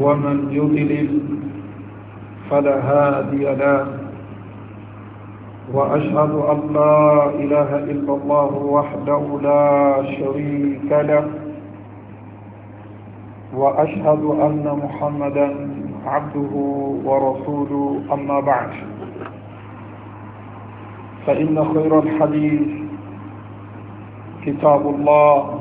ومن يضلل فلا هادي له وأشهد أن لا إله إلا الله وحده لا شريك له وأشهد أن محمدا عبده ورسوله أما بعد فإن خير الحديث كتاب الله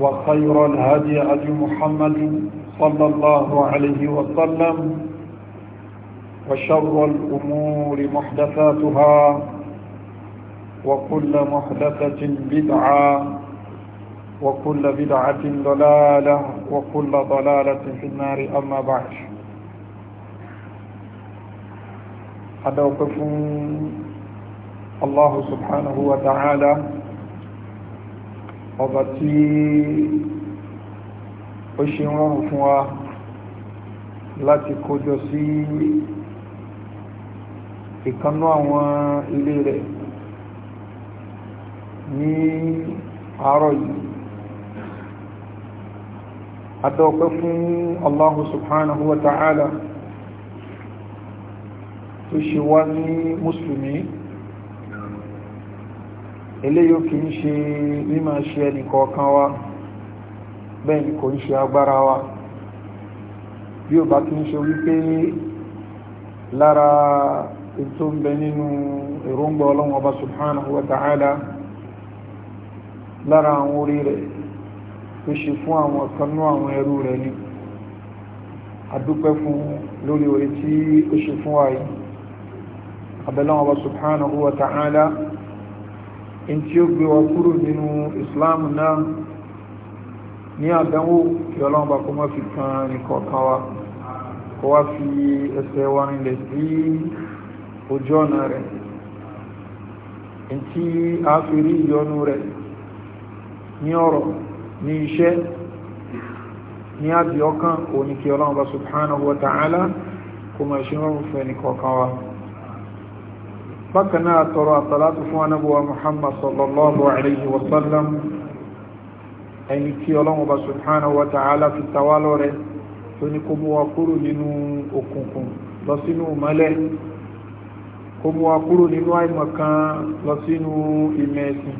وخير الهدي أبي محمد صلى الله عليه وسلم وشر الأمور محدثاتها وكل محدثة بدعة وكل بدعة ضلالة وكل ضلالة في النار أما بعد أدوقف الله سبحانه وتعالى وبتي ó ṣe rọrùn fún wa láti kójọ sí ìkanú àwọn ilé rẹ̀ ní àárọ̀ yìí àtọ́pẹ́ fún Allahu subhanahu wa ta'ala tó ṣe wá ní musulmi eléyìí kìí ṣe mímọ̀ ṣe ẹnìkọ̀ọ̀kan wa. bẹ́ẹ̀ ni kò ń ṣe agbára wa bí o bá ti ń ṣe wípé lára ètò ń bẹ nínú èròǹgbà ọlọ́run ọba subhanahu wa ta'ala lára àwọn orí rẹ̀ tó ṣe fún àwọn kanú àwọn ẹrú rẹ̀ ni adúpẹ́ fún lórí orí tí ó ṣe fún wa yìí abẹ́lọ́run ọba subhanahu wa in tí ó gbé wa kúrò nínú islam náà ní àdánwò kí ọlọ́run bá kó má fi kan nìkan kan wa kó wá fi ẹsẹ̀ wa rinlẹ̀ sí ojú ọ̀nà rẹ̀ tí a fi rí ìyọnu rẹ̀ ní ọ̀rọ̀ ní iṣẹ́ ní àbí ọkàn òní kí ọlọ́run bá subhanahu wa ta'ala kó má ṣe rọrùn fún ẹnìkan kan wa bákan náà tọrọ àtàlátù fún anábọ̀wà muhammad sallallahu alayhi wa sallam ẹni tí ọlọ́run ọba subhanahu wa ta'ala fi tawá lọ́rẹ tó ní kó mú wa kúrò nínú òkùnkùn lọ sínú ìmọ́lẹ̀ kó mú wa kúrò nínú àìmọ̀kan lọ sínú ìmẹ̀ ẹ̀sìn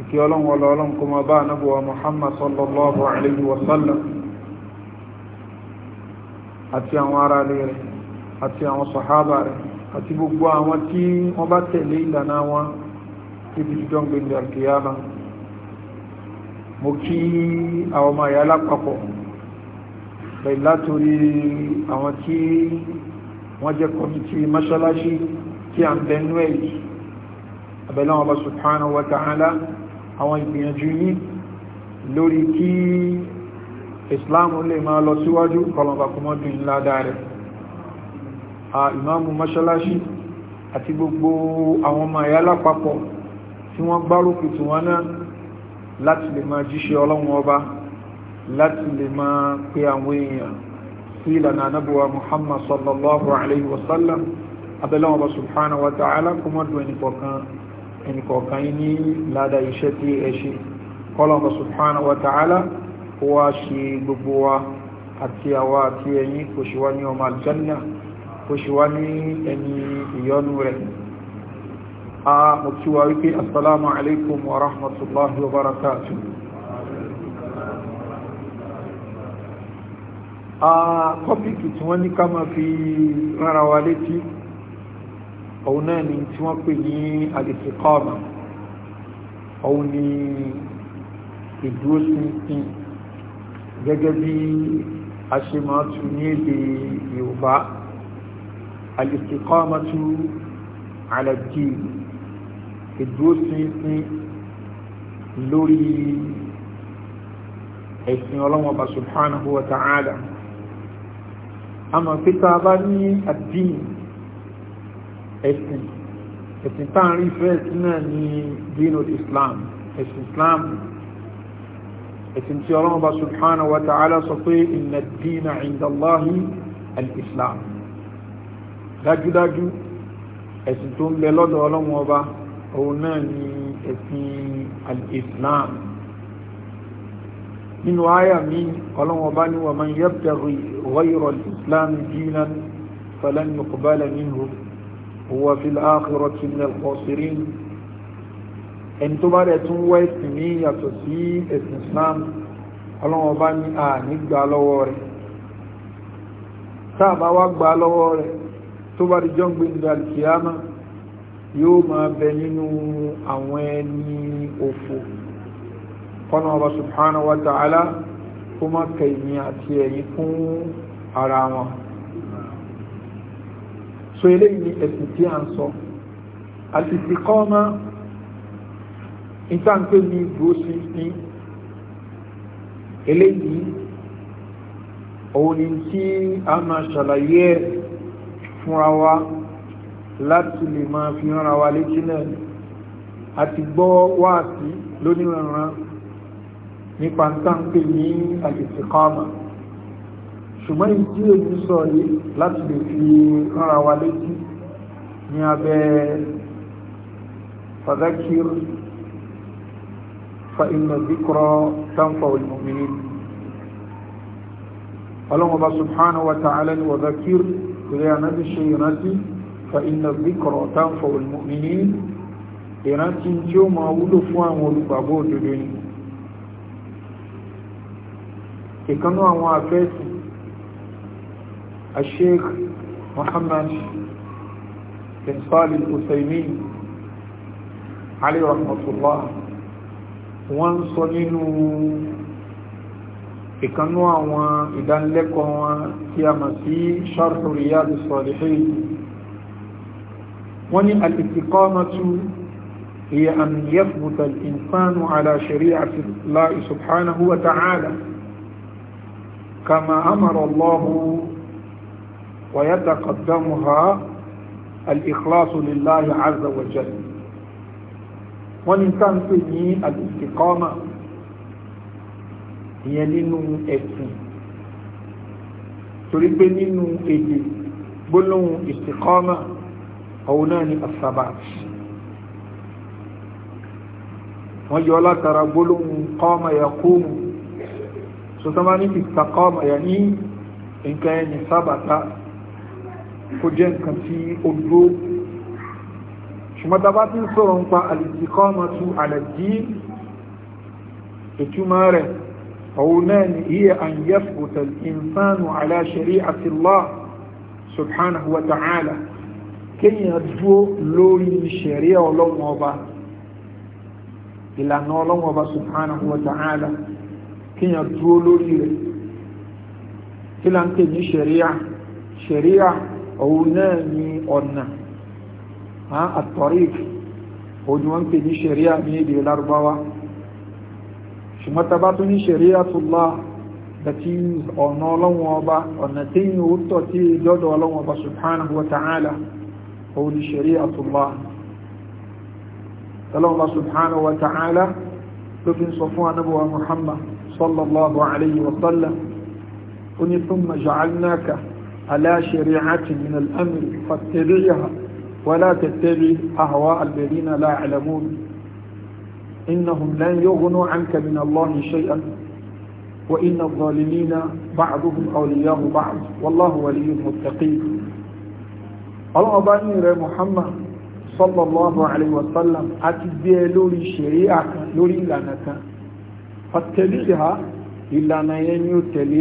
ìkí ọlọ́run ọlọ́run kó máa bá anábọ̀wá muhammad sallallahu alayhi wa sallam àti àwọn ará rẹ̀ àti àwọn sàhábà rẹ̀ àti gbogbo àwọn tí wọ́n bá tẹ̀lé ìlànà wọn títí jọ́ gbẹ̀ndẹ̀ mo kí àwọn ọmọ ìyá lápapọ̀ pẹ̀lú látorí àwọn tí wọ́n jẹ́ kọmítí mọ́ṣáláṣí tí a ń bẹnú ẹ̀ yìí abẹ́lẹ́ bá subhanahu wa ta'ala àwọn ìgbìyànjú yìí lórí kí Islam lè máa lọ síwájú kọlọ̀mbà kọmọdún ńlá dáadẹ́ a ìmáàmù mọ́ṣáláṣí àti gbogbo àwọn ọmọ ìyá lápapọ̀ tí wọ́n gbárùkù tí wọ́n náà láti lè máa jíṣẹ́ ọlọ́run ọba láti lè máa pe àwọn èèyàn sí ìlànà anábíwá muhammad sallallahu alayhi wa sallam abẹ́lẹ́wọ̀n ọba subhanahu wa ta'ala kó mọ́ dùn ẹnìkọ̀ọ̀kan ẹnìkọ̀ọ̀kan yìí ní ládà iṣẹ́ tí ẹ ṣe kọ́lọ̀ ọba subhanahu wa ta'ala kó wá ṣe gbogbo wa àti àwa àti ẹ̀yin kò ṣe wá ní ọmọ aljanna kò ṣe wá ní ẹni ìyọnu rẹ̀ a mo kí wa wípé assalamu alaikum wa rahmatullahi wa barakatuh a kọ́pìkì tí wọ́n ní ká máa fi rárá wa létí òun náà ni tí wọ́n pè ní al-istiqama òun ni ìdúróṣinṣin gẹ́gẹ́ bí a ṣe máa tu ní èdè Yorùbá al-istiqamatu ala ad ìdúróṣinṣin lórí ẹ̀sìn ọlọ́mọba subhanahu wa ta'ala àmọ́ pípa bá ní àdínì ẹ̀sìn ẹ̀sìn táàrin ìfẹ́ sí náà ní dínú islam ẹ̀sìn islam ẹ̀sìn tí ọlọ́mọba subhanahu wa ta'ala sọ pé inna ad-dina 'inda Allahi al-islam dájúdájú ẹ̀sìn tó ń bẹ lọ́dọ̀ ọlọ́mọba òun náà ni ẹ̀sìn al-islam nínú àyà mi ọlọ́wọ́n bá ní wa man yabtaghi ghayra al-islam dinan falan yuqbala minhu huwa fil akhirati min al-khasirin ẹni tó bá rẹ̀ tún wá ẹ̀sìn ní yàtọ̀ sí ẹ̀sìn islam ọlọ́wọ́n bá ní à nígbà lọ́wọ́ rẹ̀ tá wá gbà lọ́wọ́ rẹ̀ tó bá rí jọ́ ní alkiyama yóò máa bẹ nínú àwọn ẹni òfò kọ́nà ọba subhanahu wa ta'ala kó má kẹ̀yìn àti ẹ̀yìn fún ara wọn so eléyìí ni ẹ̀sìn tí a ń sọ àti ti kọ́ ọmọ ìtànpé ní ìdúrósí ní eléyìí òun ni tí a máa ṣàlàyé fúnra wa láti lè máa fi rán ara wa létí náà àti gbọ́ wáàsí lóníranran nípa táǹpé ní al-istiqama ṣùgbọ́n ìdí èyí sọ yìí láti lè fi rán ara wa létí ní abẹ́ fadhakir fa inna dhikra tanfa'ul mu'minin ọlọ́mọba subhanahu wa ta'ala ni wa dhakir kò ìrántí فإن الذكر تنفع المؤمنين ìrántí tí ó máa wúlò fún àwọn olùgbàgbọ́ òdodo ni ìkanú àwọn afẹ́sì asheikh Muhammad bin Salih Al-Uthaymin alayhi rahmatullah wọ́n sọ nínú ìkanú àwọn ìdánilẹ́kọ̀ọ́ wọn tí a mọ̀ sí Sharh Riyadus Salihin wọ́n ní al-istiqamatu hiya an yathbuta al-insanu ala shari'ati Allahi subhanahu wa ta'ala kama amara Allahu wa yataqaddamuha al-ikhlasu lillahi azza wa jalla wọ́n ní òun náà ni asabat wọ́n yọ látara gbólóhùn kọ́ọ̀mà yà kúmù sọ́tọ́mà ní ìtàkọ́ọ̀mà yà ní nǹkan ẹni sábàtà kó jẹ́ nǹkan tí ó dúró ṣùgbọ́n tá a bá ti ń sọ̀rọ̀ nípa àlìsíkọ́ọ̀mà tún àlàjí ìtumọ̀ rẹ̀ فهنان هي أن يثبت الإنسان على شريعة الله سبحانه وتعالى kéèyàn dúó lórí ṣẹ̀ríà ọlọ́wọ́n ọba ìlànà ọlọ́wọ́n ọba subhanahu wa ta'ala kéèyàn dúó lórí rẹ̀ kí là ń pè ní ṣẹ̀ríà ṣẹ̀ríà òun náà ní ọ̀nà àtọ̀ríkì òun ni wọ́n ń pè ní ṣẹ̀ríà ní èdè lárúbáwá ṣùgbọ́n tá bá tún ní ṣẹ̀rí'atullah àti ọ̀nà ọlọ́wọ́n ọba ọ̀nà tí yìí ó tọ̀ tí ìjọ́dọ̀ ọlọ́wọ́n ọba subhanahu wa ta'ala قول شريعة الله قال الله سبحانه وتعالى ففي صفوان نبوة محمد صلى الله عليه وسلم قني ثم جعلناك على شريعة من الأمر فاتبعها ولا تتبع أهواء الذين لا يعلمون إنهم لن يغنوا عنك من الله شيئا وإن الظالمين بعضهم أولياء بعض والله ولي المتقين ọlọ́wọ́ bá ní rẹ̀ muhammad sallallahu alaihi wasallam a ti gbé ẹ lórí ṣẹ̀ríà kan lórí ìlànà kan fàtẹ̀lẹ̀ ha ìlànà yẹn ni ó tẹ̀lé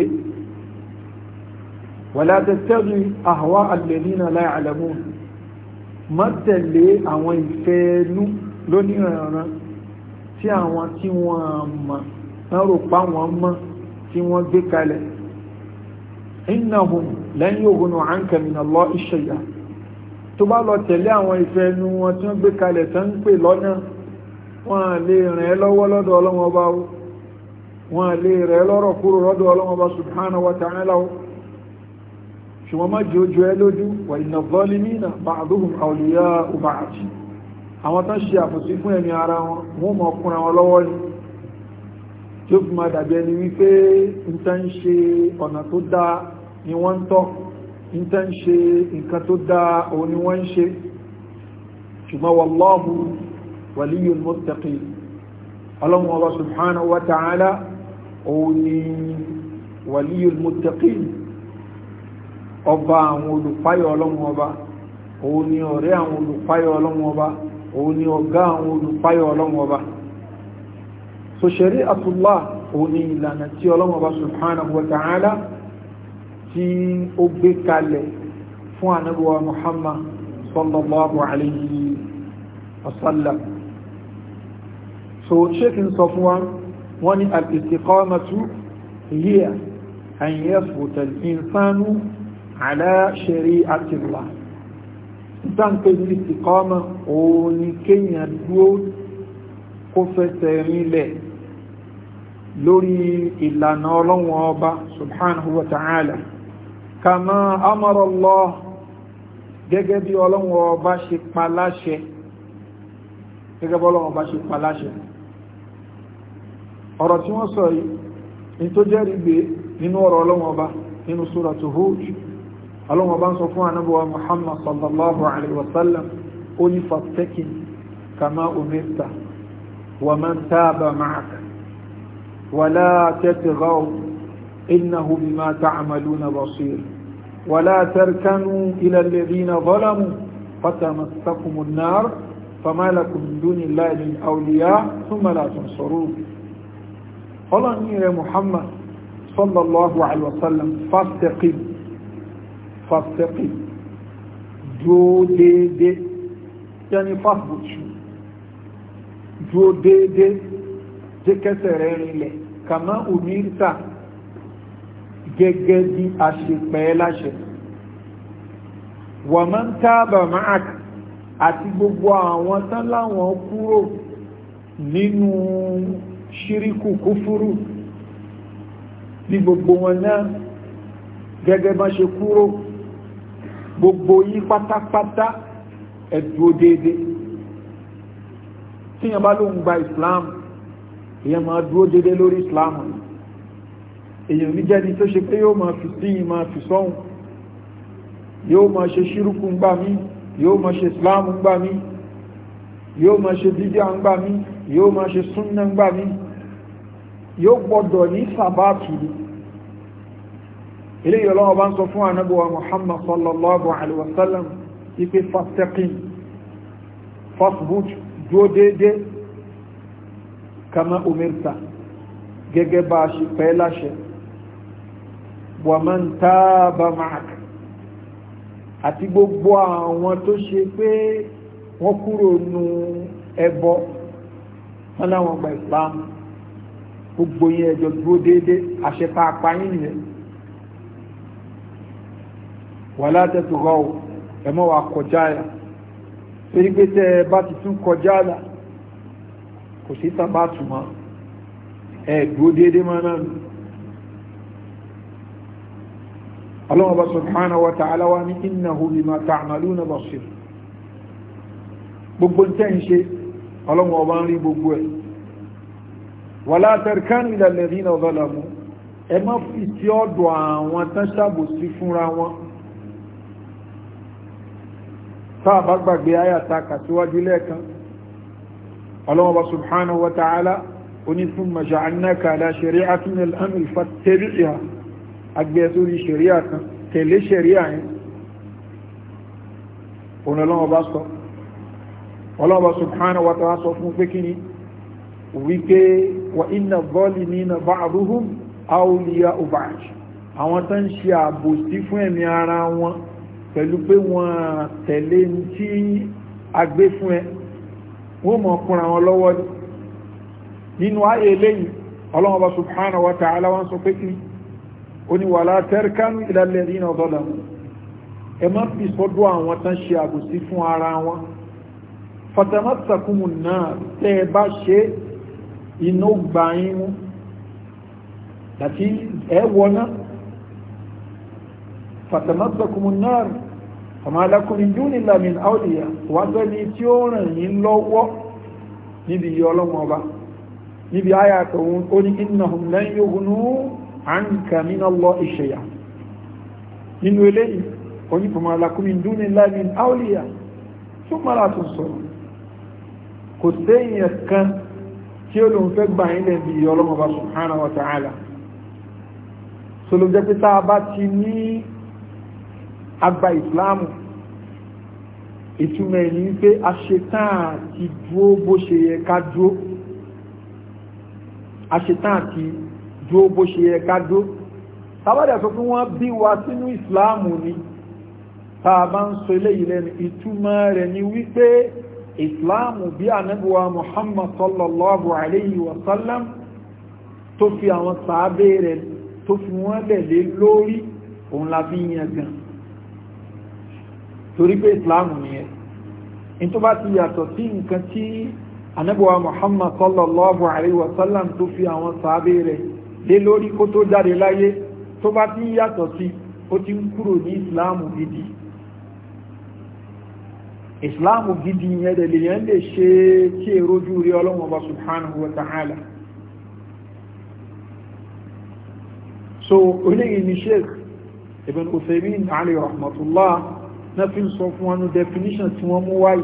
wàlá tẹ̀tẹ̀lẹ̀ àhọ́wá alẹ́lẹ́nà láìàlẹ́mú má tẹ̀lé àwọn ìfẹ́ ẹnu lóníranran tí àwọn tí wọ́n mọ̀ tán rò pa wọ́n mọ́ tí wọ́n gbé kalẹ̀ innahum lan yughnu anka min Allah shay'a tó bá lọ tẹ̀lé àwọn ìfẹ́ ẹnu wọn tí wọ́n gbé kalẹ̀ tán ń pè lọ́nà wọn à lè ràn ẹ́ lọ́wọ́ lọ́dọ̀ ọlọ́wọ́ bá o wọn à lè ràn ẹ́ lọ́rọ̀ kúrò lọ́dọ̀ ọlọ́wọ́ bá subhanahu wa ta'ala o ṣùgbọ́n má jẹ́ ojú ẹ lójú wà inna zalimina ba'duhum awliya'u ba'd àwọn tán ṣe àfòsí fún ẹ̀mí ara wọn wọ́n mọ̀ ọkùnrin wọn lọ́wọ́ ni tí ó fi máa dàbí ẹni wípé ń tán ṣe ọ̀nà tó dáa ni wọ́n ń tọ́ níta ń ṣe nǹkan tó dáa òun ni wọ́n ń ṣe ṣùgbọ́n wallahu waliyul muttaqin ọlọ́run ọba subhanahu wa ta'ala òun ni waliyul muttaqin ọba àwọn olùpáyọ̀ ọlọ́run ọba òun ni ọ̀rẹ́ àwọn olùpáyọ̀ ọlọ́run tí ó gbé kalẹ̀ fún anábíwa muhammad sallallahu alayhi wasallam so shekin sọ fún wa wọ́n ni al-istiqamatu hiya an yasbuta al-insanu ala shari'ati Allah ìtànkè ní istiqama òun ni kéèyàn dúró kó fẹsẹ̀ rinlẹ̀ lórí ìlànà ọlọ́wọ́n ọba subhanahu wa ta'ala kàmá amọ̀rọ̀lọ́ gẹ́gẹ́ bí ọlọ́run ọba ṣe pa láṣẹ gẹ́gẹ́ bí ọlọ́run ọba ṣe pa láṣẹ ọ̀rọ̀ tí wọ́n sọ yìí ní tó jẹ́rìí gbé nínú ọ̀rọ̀ ọlọ́run ọba nínú suratu Hud ọlọ́run ọba ń sọ fún anábọ̀wá Muhammad sallallahu alaihi wasallam ولا تركنوا إلى الذين ظلموا فتمسكم النار فما لكم من دون الله من أولياء ثم لا تنصرون قال أمير محمد صلى الله عليه وسلم فاستقم فاستقم جو دي دي يعني فاثبت شو جو دي دي جكسرين لك كما أميرتا gẹ́gẹ́ bí a ṣe pẹ́ láṣẹ wà máa ń tábà máàk àti gbogbo àwọn tán láwọn kúrò nínú ṣíríkù kúfúrú ní gbogbo wọn náà gẹ́gẹ́ bá ṣe kúrò gbogbo yí pátápátá ẹ̀dùn òdèdè tíyàn bá ló ń gba islam ìyẹn máa dúró dédé lórí islam ni èyàn ní jẹ́ni tó ṣe pé yóò máa fi sí ìmá fi sọ́hun yóò máa ṣe ṣírùkù ń gbà mí yóò máa ṣe islam ń gbà yóò máa ṣe dídíà ń gbà yóò máa ṣe súnnà ń gbà yóò gbọ́dọ̀ ní sàbáàtì ni eléyìí ọlọ́wọ́ bá ń sọ fún anábọ̀wá muhammad sallallahu alaihi wasallam ipe fastaqim fasbut dúó déédéé kama umirta gẹ́gẹ́ bá a ṣe pẹ́ láṣẹ wa man taba ma'ak àti gbogbo àwọn tó ṣe pé wọ́n kúrò nu ẹbọ wọn láwọn gba ìsìlámù gbogbo yẹn ẹjọ dúró déédéé àṣepa apáyín nìyẹn wà látẹ̀tù rọ ò ẹ mọ́ wa kọjá ẹ̀ torí pé tẹ́ ẹ bá ti tún kọjá là kò sí sábà tù ẹ dúró déédéé mọ́ náà nù. Allah subhanahu wa ta'ala wa ní innahu bima ta'maluna basir gbogbo tẹ́ ń ṣe ọlọ́wọ́ ọba ń rí gbogbo ẹ̀ wala tarkanu ila alladhina zalamu ẹ má fi sí ọ̀dọ̀ àwọn tán ṣàbòsí fúnra wọn táà gbàgbé ayàta kàtíwájú lẹ́ẹ̀kan Allah subhanahu wa ta'ala oní thumma agbẹ́ sórí ṣẹ̀ríà kan tẹ̀lé ṣẹ̀ríà yẹn òun ọlọ́wọ́ bá sọ ọlọ́wọ́ subhanahu wa ta'ala sọ fún pé kí ni wípé wa inna zalimina ba'duhum awliya'u ba'd àwọn tó ń ṣe àbòsí fún ẹ̀mí ara wọn pẹ̀lú pé wọ́n tẹ̀lé tí agbé fún ẹ wọ́n mọ̀ kúnra wọn lọ́wọ́ nínú ayé eléyìí ọlọ́wọ́ bá subhanahu wa sọ pé kí ni oníwàlá tẹ́ríkánú ìlàlẹ̀ ìrìnà ọ̀dọ́là ẹ má fi sọ́dọ̀ àwọn tán ṣe àbòsí fún ara wọn fatamátàkùnmù náà tẹ́ ẹ bá ṣe iná gbà yín mú àti ẹ wọná fatamátàkùnmù náà ọmọlákùnrin júni lamin aulia wájọ́ ni tí ó ràn yín lọ́wọ́ níbi ìyọ́ ọlọ́mọba níbi ayàtọ̀ òun ìnáhùn lẹ́yìn ogun náà àǹkà mínà lọ ìṣẹ̀yà nínú eléyìí onífọ̀mọ̀ alákùnmí dúnni láàmì áwòlìyà tó mara tún sọ̀rọ̀ kò sẹ́yìn ẹ̀kan tí ó lòun fẹ́ gbà ilẹ̀ bí ọlọ́mọba subhanahu wa ta'ala so ló jẹ́ pé tá a bá ti ní àgbà ìsìláàmù ìtumọ̀ ẹ̀yìn pé a ṣe tán àti dúó bó ṣe yẹ ká dúó a ṣe tán àti dúó bó ṣe yẹ ká dó tábàdà sọ fún wọn bí wa sínú ìsìláàmù ni tá a bá ń sọ eléyìí lẹ́nu ìtumọ̀ rẹ̀ ni wípé ìsìláàmù bí anábíwa muhammad sallallahu alayhi wa sallam tó fi àwọn sàábé rẹ̀ tó fi wọ́n lẹ̀lé lórí òun la yẹn gan torí pé ìsìláàmù nìyẹn in tó bá ti yàtọ̀ sí nǹkan tí anábíwa muhammad sallallahu alayhi wa sallam tó fi àwọn sàábé rẹ̀ lé lórí kó tó jáde láyé tó bá ti ń yàtọ̀ sí ó ti ń kúrò ní ìsìláàmù gidi ìsìláàmù gidi yẹn lè yẹn lè ṣe tí èròjú rí ọlọ́wọ́n bá subhanahu wa ta'ala so oníyìí ni sheikh ibn uthaymin alayhi rahmatullah na fi sọ fún wọn definition tí wọ́n mú wáyé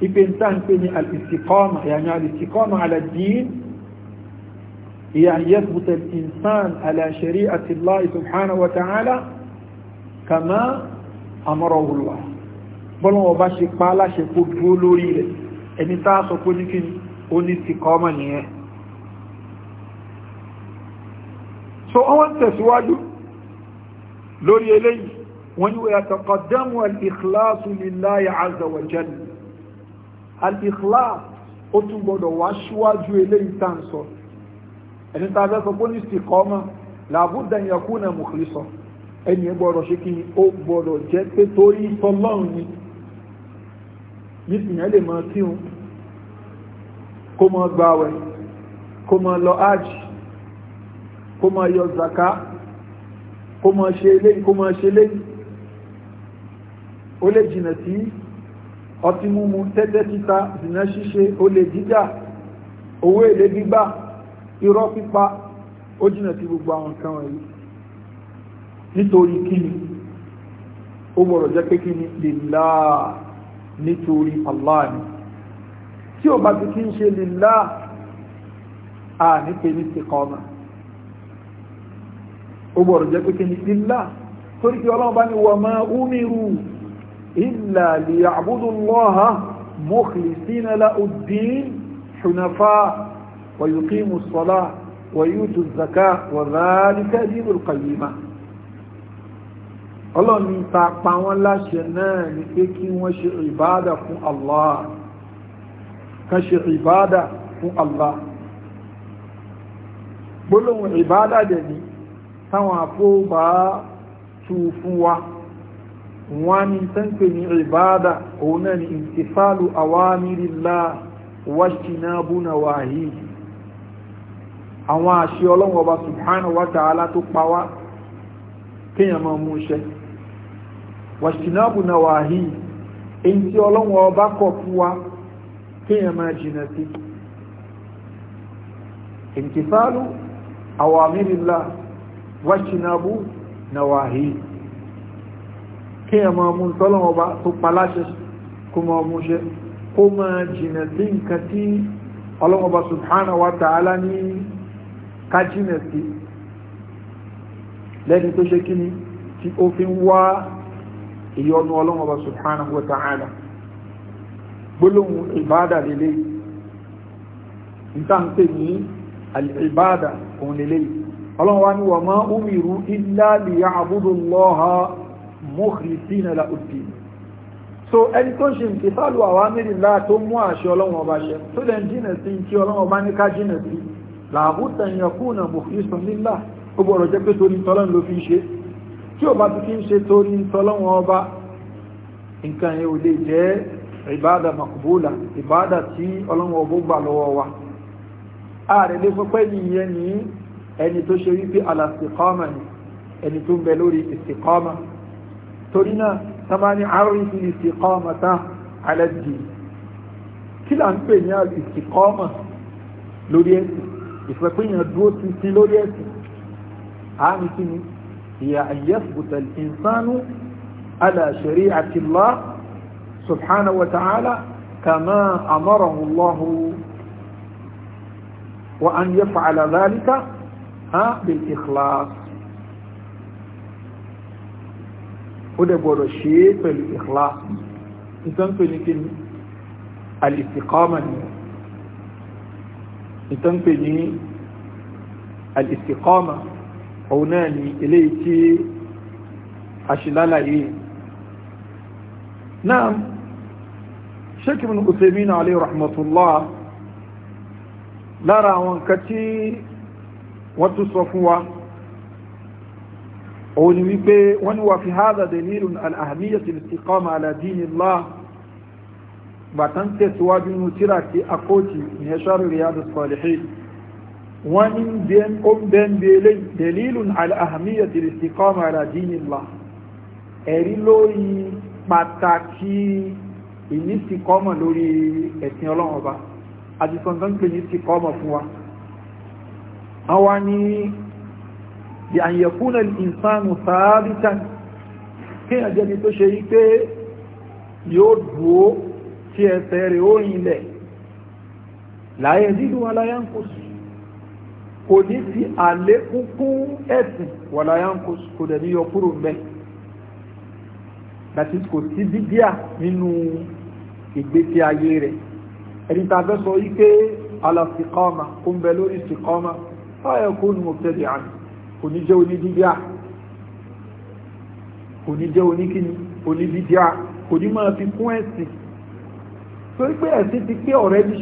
ipe n tá n pè ní al-istiqama yàní al يعني يثبت الإنسان على شريعة الله سبحانه وتعالى كما أمره الله بل وباشي قالا شكو دولوري لي أني تاسو كونيكي أني تقاما نيه so أولا تسواجو لوري لي ويتقدم الإخلاص لله عز وجل الإخلاص أتنبض واشواجو إليه تانسو ẹni tá a fẹ́ sọ pé ní sì kọ́ ọmọ làbúdà yẹn kú náà mùkìlì sọ ẹni gbọ́dọ̀ ṣe kí ni ó gbọ́dọ̀ jẹ́ pé torí tọ́lọ́run ni nísìnyẹn lè máa tí òun kó máa gbàwẹ̀ kó máa lọ ájì kó máa yọ zaka kó máa ṣe eléyìí kó máa ṣe eléyìí ó lè jìnà sí ọtí mímu tẹ́tẹ́ títa jìnà ṣíṣe ó lè jíjà owó èlé gbígbà irọ́ pípa ó jìnà sí gbogbo àwọn nǹkan wọ̀nyí nítorí kíni ó gbọ́dọ̀ jẹ́ pé kíni lillah nítorí Allah ni tí ó bá ti kí ń ṣe lillah a ní pé ní istiqama ó gbọ́dọ̀ jẹ́ pé kíni lillah torí kí ọlọ́run bá ní wa ma umiru illa liya'budu Allaha mukhlisina lahu ad-din hunafa ويقيم الصلاة ويؤتي الزكاة وذلك دين القيمة ọlọ́run ní ta pa wọ́n láṣẹ náà ní pé kí wọ́n ṣe ìbáadà fún allah kan ṣe ìbáadà fún allah gbólóhùn ìbáadà dẹ̀ ní táwọn àpóbá tú fún wa wọ́n ní tẹ́ǹpẹ̀ ní ìbáadà òun náà ní ìtìfàlù àwámírìlá wáṣínábùnà wáyìí àwọn àṣẹ ọlọ́run ọba subhanahu wa ta'ala tó pa wá kéèyàn máa mú iṣẹ́ wàṣìnàbù náà wà hí èyí tí ọlọ́run ọba kọ̀ fún wa kéèyàn máa jìnà sí ìtìfàálù àwọn àmìrìlá wà hí kéèyàn máa mú tọ́lọ́run ọba tó pa kó máa jìnà sí nǹkan tí ọlọ́run ọba subhanahu wa ta'ala ní kájínà sí lẹ́ni tó ṣe kíni tí ó fi ń wá ìyọnu ọlọ́wọ́ bá subhanahu wa ta'ala gbólóhùn ìbádà lélẹ́ ìtàǹtẹ̀ ní al'ibada òun lélẹ́ ọlọ́wọ́ ni wà máa umiru illa liya'budullaha mukhlisina la'uddin so ẹni tó ṣe ìtìsálù àwọn amìrìnlá tó mú àṣẹ ọlọ́wọ́ bá ṣe tó lẹ́ jìnà sí tí ọlọ́wọ́ bá ní ká jìnà sí làbútà ìyànkúnà mùfíìsùn nílá ó gbọ́rọ̀ jẹ́ pé torí tọ́lọ́n ló fi ń ṣe tí ó bá ti fi ń ṣe torí tọ́lọ́wọ́n ọba nǹkan yẹn ò lè jẹ́ ìbáàdà makbúlà ìbáàdà tí ọlọ́wọ́n ọbó gbà lọ́wọ́ wa ààrẹ lè fọ́pẹ́ nìyẹn ní ẹni tó ṣe wípé alàsìkọ́mà ni ẹni tó ń bẹ يفكرين الدوت سيلوريس عامتين هي أن يثبت الإنسان على شريعة الله سبحانه وتعالى كما أمره الله وأن يفعل ذلك بالإخلاص ودبر الشيء بالإخلاص إذن كنت الاستقامة منه ìtànpè ní al-istiqama òun náà ni eléyìí tí aṣìlálàyé náà Sheikh Ibn Uthaymeen alayhi rahmatullah lára àwọn nǹkan tí wọ́n tún sọ fún wa òun ni wípé wọ́n ni wà fi hadha dalilun al-ahmiyyati al-istiqama ala dinillah bàtán tẹ̀síwájú inú tíra tí akóòtì ìyẹn sáré riyadu salihin wọ́n ní ó ń bẹ́ ń belé dalilun al'ahamiyyar ti istiqama ala dinillah ẹ̀rí lórí pàtàkì ìnísìkọ́mà lórí ẹ̀sìn ọlọ́run ọba àti sọ̀tán pé nísìkọ́mà fún wa àwa ni di àyẹ̀kúnà ìsánù sáábítàn kí àjẹ́ni tó ṣe yí pé yóò dúó tí ẹsẹ̀ rẹ̀ ó rinlẹ̀ láyé nínú aláyánkóso kò ní fi àlékún kún ẹ̀sìn wà láyánkóso kò dẹ̀ ní yọ kúrò mẹ́ that is kò sí dídíà nínú ìgbésí ayé rẹ̀ ẹni tá a fẹ́ sọ yí pé alàfikọ́ọ̀mà kò ń bẹ lórí ìfikọ́ọ̀mà báyọ̀ kó nu mọ̀tẹ́lẹ̀ àná kò ní jẹ́ oní dídíà kò ní jẹ́ oní kíni oní dídíà kò ní máa fi kún ẹ̀sìn torí pé ẹ̀sìn ti pé already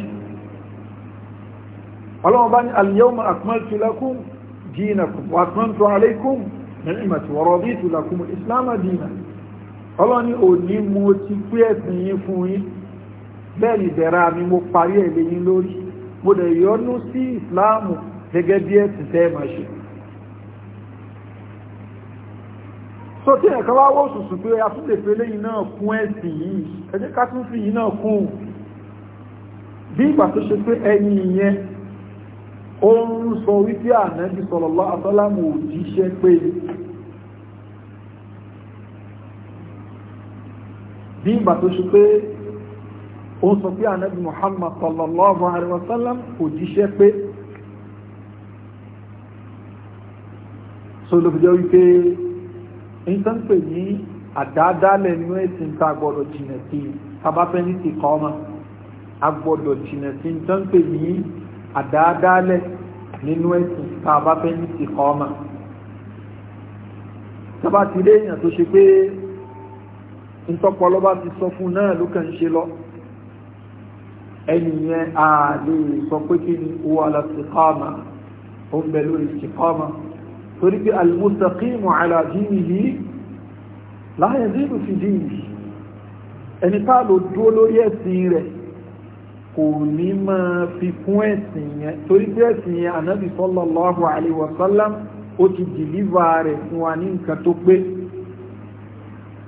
ọlọ́wọ́n bá ní al-yawma akmaltu lakum dinakum wa atmamtu alaykum ni'mati wa raditu lakum al-islam dinan ọlọ́ni òní mo ti pé ẹ̀sìn yín fún yín bẹ́ẹ̀ bẹ̀rẹ̀ mi mo parí ẹ̀ lórí mo dẹ̀ yọ́nú sí ìsìláàmù gẹ́gẹ́ bí ẹ̀sìn tẹ́ máa ṣe so tí ẹ̀kan wá wó sùsù pé a tún lè pé lẹ́yìn náà kún ẹ̀sìn yìí ẹ jẹ́ ká tún fi yìí náà kún bí ìgbà tó ṣe pé ẹni ìyẹn ó ń sọ wípé ànábì sallallahu alaihi wasallam òjíṣẹ́ pé bí ìgbà tó ṣe pé ó ń sọ pé ànábì Muhammad sallallahu alaihi wasallam òjíṣẹ́ nǹkan pè ní àdáadáalẹ̀ nínú ẹ̀sìn tá a gbọ́dọ̀ jìnà sí i tabafẹ́ ní ti kọ́ ọmọ a gbọ́dọ̀ jìnà sí nǹkan pè ní àdáadáalẹ̀ nínú ẹ̀sìn tabafẹ́ ní ti kọ́ ọmọ tabati lé èèyàn tó ṣe pé ntọ́pọ̀lọ́ bá ti sọ fún náà ló kàn ń ṣe lọ ẹnìyẹn a lè sọ pé kí ni owó alásìkọ́ọ̀mà ó ń bẹ lórí ìsìkọ́ọ̀mà torí pé almustaqimu ala dinihi la yazidu fi dinihi ẹni tá ló dúró lórí ẹ̀sìn rẹ̀ kò ní máa fi kún ẹ̀sìn yẹn torí pé ẹ̀sìn yẹn anábì sallallahu alaihi wasallam ó ti dìlíva rẹ̀ fún wa ní nǹkan tó pé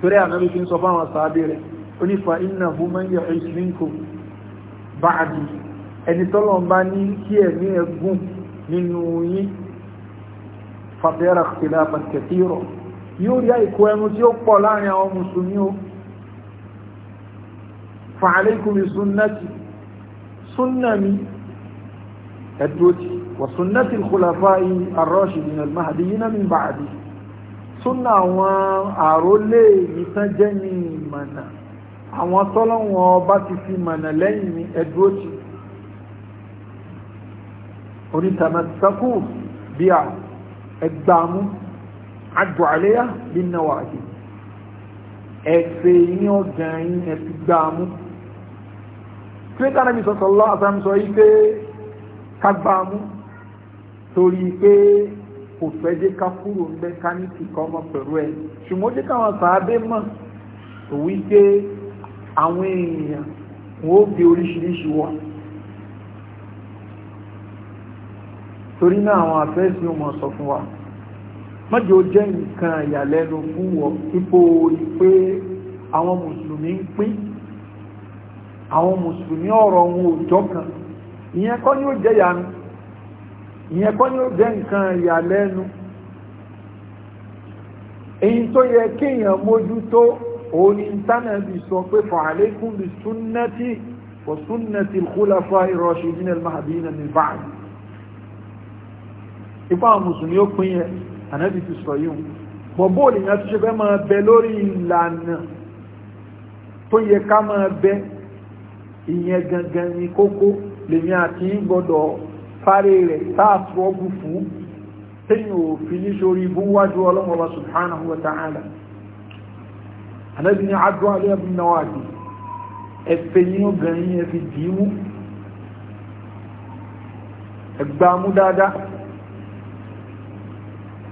torí anábì fi ń sọ fáwọn sáábì rẹ̀ ó ní fa innahu man ya'ish minkum ba'di ẹni tọ́lọ̀ bá ní kí ẹ̀mí ẹ̀gùn nínú yín fàtẹ́rà ìlàpà kẹtìrọ̀ yóò rí àìkú ẹnu tí ó pọ̀ láàrin àwọn musulmi o fa'alaikumi sunnati sunnami ẹ̀dọ́tí wa sunnati al-khulafai ar-rashidin al-mahdiyyin min ba'di sunna àwọn àrólé ìtàn jẹ́ ní ìmọ̀nà àwọn tọ́lọ́wọ́n bá ti fi mọ̀nà lẹ́yìn ní ẹ̀dọ́tí onítàmẹ́sàkù bíi àwọn ẹgbàmú agbọ̀àléyà nínú wàhí ẹ̀fẹ̀ yín ọ̀gàn yín ẹ̀fì gbàmú tírítà náà bí sọ̀tọ̀lá àtàmìsọ yí pé kágbàmú torí pé kò fẹ́ jẹ́ ká kúrò ń bẹ́ ká ní kíkọ́ ọmọ pẹ̀lú ẹ̀ ṣùgbọ́n jẹ́ káwọn sàábé mọ̀ wípé àwọn èèyàn wọ́n ó oríṣiríṣi wọn torí náà àwọn àfẹ́sí ọmọ sọ fún wa mọ́jọ jẹ́ nǹkan ìyàlẹ́nu fún wọ ipò pé àwọn mùsùlùmí ń pín àwọn mùsùlùmí ọ̀rọ̀ wọn òjọ́ kan ìyẹn kọ́ ni ó jẹ́ yanu ìyẹn kọ́ ni ó jẹ́ nǹkan ìyàlẹ́nu èyí tó yẹ kéèyàn mójútó òun ni tánàbì sọ pé fàálẹ́kùn bí súnnẹ́tì wọ̀ súnnẹ́tì kúlàfà ìrọ̀ṣì nínú mahadina ní báyìí ipá àwọn mùsùlùmí ó pín yẹn ànábì ti sọ yíò bọ̀ bóòlù yẹn tó ṣe fẹ́ máa bẹ lórí ìlànà tó yẹ ká máa bẹ ìyẹn gangan ní kókó lèmi àti gbọdọ̀ fárẹ rẹ̀ táàtù ọgbù fún tẹ́yìn òfin níṣorí ibú wájú ọlọ́mọba subhanahu wa ta'ala ànábì ní adúrà lẹ́bùn náà wájú ẹ̀fẹ́ yín gan yín dìímú ẹgbàmú dáadáa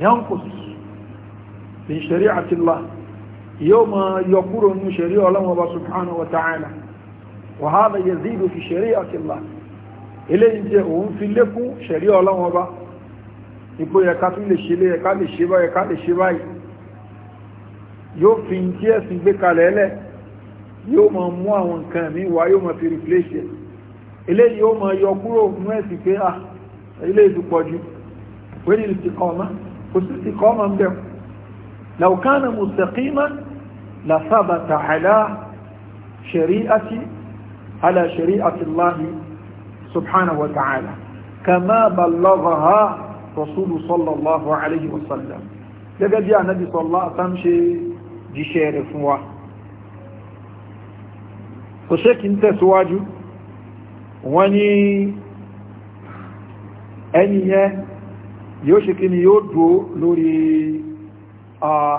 yankus min shari'ati Allah yóò máa yọ kúrò nínú sharia ọlọ́wọ́ bá subhanahu wa ta'ala wa hadha yazidu fi shari'ati Allah eléyìí jẹ́ òun fi lékún sharia ọlọ́wọ́ bá ipò ẹ̀ka tún lè ṣe lé ẹ̀ka lè ṣe báyìí ẹ̀ka lè ṣe báyìí yóò fi ń tí ẹ̀sìn gbé kalẹ̀ ẹlẹ́ yóò máa mú àwọn nǹkan mi wá yóò máa fi replace ẹ̀ eléyìí yóò máa yọ kúrò nínú ẹ̀sìn pé ah eléyìí ti pọ̀ ju pé ní ti kọ́ ọ náà kò sí sí kọ́ máa ń bẹ̀ law kana mustaqiman la thabata ala shari'ati ala shari'ati Allahi subhanahu wa ta'ala kama ballaghaha rasulu sallallahu alayhi wa sallam gẹ́gẹ́ bí ànábì sallallahu alayhi wa sallam ṣe jíṣẹ́ rẹ̀ fún wa kò ṣe kí n tẹ̀síwájú wọ́n ní ẹni yẹn yóò ṣe kí ni yóò dúó lórí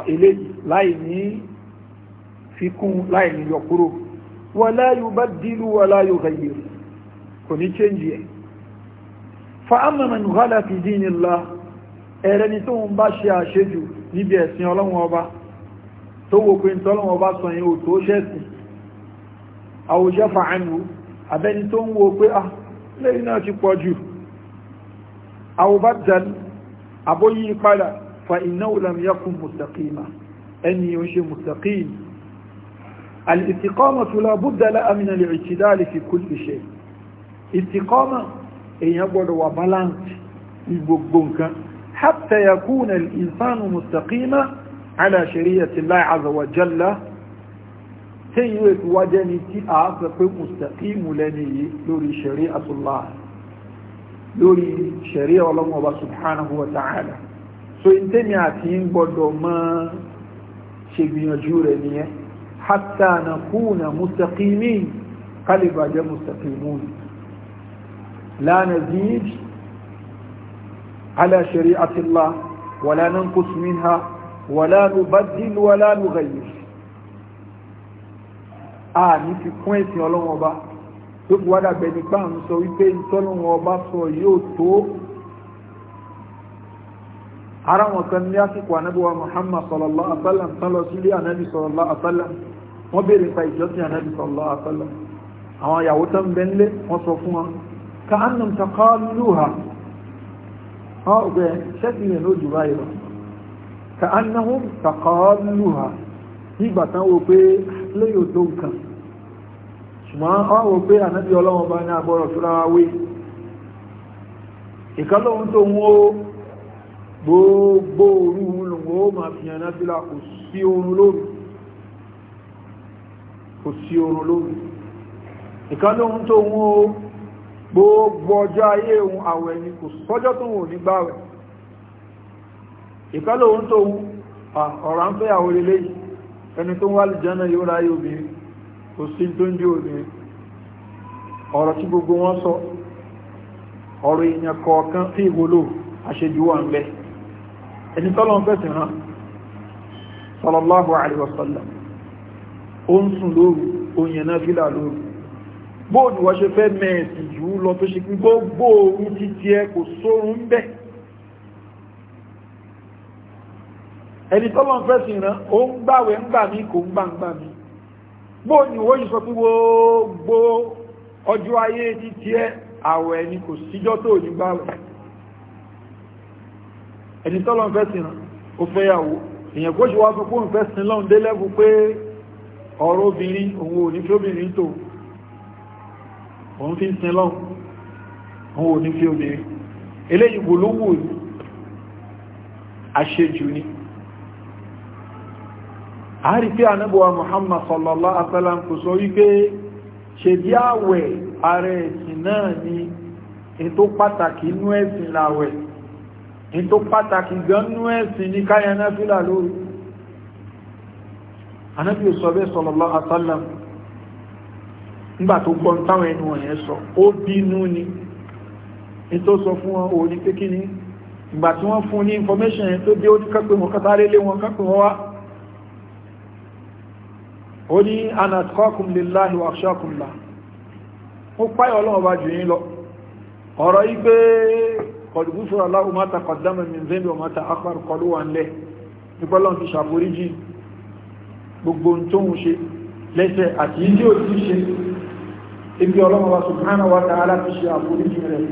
ilé láì ní fikún láì ní yọkúrò wala yubaddilu wala yughayyiru kò ní change ẹ̀ fa amma man ghala fi dinillah ẹ̀rẹni tó ń bá ṣe àṣejù níbi ẹ̀sìn ọlọ́run ọba tó wò pé tọ́lọ́run ọba àbóyí padà fa iná olàmìyàkùn mùsàkìmà ẹni yóò ṣe mùsàkìm alìsìkọ́mà tó la búdà láàmìnà lè rìkì dáàlì fi kú ìṣe ìsìkọ́mà èèyàn gbọ́dọ̀ wà balance ní gbogbo nǹkan hatta ya kúnà ìsánù mùsàkìmà aláṣẹríyà ti lórí ṣẹ̀ríà ọlọ́run ọba subhanahu wa ta'ala so ìtẹ́mi àti ń gbọ́dọ̀ máa ṣe gbìyànjú rẹ̀ nìyẹn hatta nakuna mustaqimin kálíbà jẹ́ mustaqimun la nazid ala shari'atillah wala nanqus minha wala nubaddil wala nughayir a ní fi kún ẹ̀sìn ọlọ́run ọba tó fi wádà bẹ nípa ń sọ wípé ìtọ́nù wọn bá sọ yóò tó ara wọn kan ní àsìkò anábíwá muhammad sallallahu alaihi wasallam tán lọ sílé anábí sallallahu alaihi wasallam wọn béèrè nípa ìjọsìn anábí sallallahu alaihi àwọn ìyàwó tán bẹ ńlé wọn sọ fún wọn ká annam taqaluha wọn ọgbẹ ṣẹ́kì yẹn ló jù báyìí lọ ká annahum taqaluha nígbà tán wo pé lóyò tó nǹkan ṣùgbọ́n ọwọ́ pé ànábí ọlọ́wọ́ bá ní agbọ́rọ̀ tó rárá wé ìkálóhun tó ń wó gbogbo orú lòwó ma fi hàn náfílà kò sí orun lóru kò sí orun lóru ìkálóhun tó ń wó gbogbo ọjọ́ ayé ohun àwẹ̀ ni kò sọ́jọ́ tó wò nígbàwẹ̀ ìkálóhun tó ń ọ̀rọ̀ ń fẹ́ àwòrẹ́lẹ́yìn ẹni tó ń wá lìjánà yóò ráyé obìnrin kò sí tó ń dí obìnrin ọ̀rọ̀ tí gbogbo wọn sọ ọ̀rọ̀ èèyàn kọ̀ọ̀kan tí ìwòlò àṣejù wà ń bẹ ẹni tọ́lọ̀ ń fẹ̀sìn rán sallallahu alaihi wasallam ó ń sùn lóru oyin náà fílà lóru bóòdù wọ́n ṣe fẹ́ mẹ́ẹ̀sì jù ú lọ tó ṣe pín gbogbo ooru títí ẹ kò sórun ń ẹni tọ́lọ̀ ń fẹ̀sìn rán ó ń gbàwẹ̀ ń gbà mí kò ń gbà ń gbà mí bóò ni wọ́n yìí sọ fún gbogbo ọjọ́ ayé ti tí ẹ àwẹ̀ ni kò síjọ́ tó ní gbáwẹ̀ ẹni tọ́lọ̀ fẹ́ sí rán ó fẹ́ yàwó èyàn kó ṣe wá fún kóhùn fẹ́ sí lọ́n dé lẹ́bù pé ọ̀rọ̀ obìnrin òun ò ní fi obìnrin tó òun fi ń sin lọ́n òun ò ní fi obìnrin eléyìí gbòlówò àṣejù ni àárí pé anábọ̀wà muhammad sallallahu alaihi wasallam kò sọ wípé ṣe bí àwẹ̀ ààrẹ ni eto pataki nu ẹ̀sìn làwẹ̀ eto pataki gan inú ẹ̀sìn ní káyaná fílà lórí anábì sallallahu alaihi wasallam sọ ó binu ni eto sọ fún o ni fún ní information yẹn ó ní anatqakum lillahi wa akhshakum la ó páyọ̀ ọlọ́run bá jù yín lọ ọ̀rọ̀ yí pé kọ̀dùkúfúra aláwọ̀ máta kọ̀dámẹ̀ min zẹ́mì ọmọ ta akpar kọlu wà ńlẹ̀ nípa lọ́n ti ṣàforíjì gbogbo tó ń ṣe lẹ́sẹ̀ àti ilé ò ti ṣe ibi ọlọ́mọba subhanahu wa ta'ala ti ṣe àforíjì rẹ̀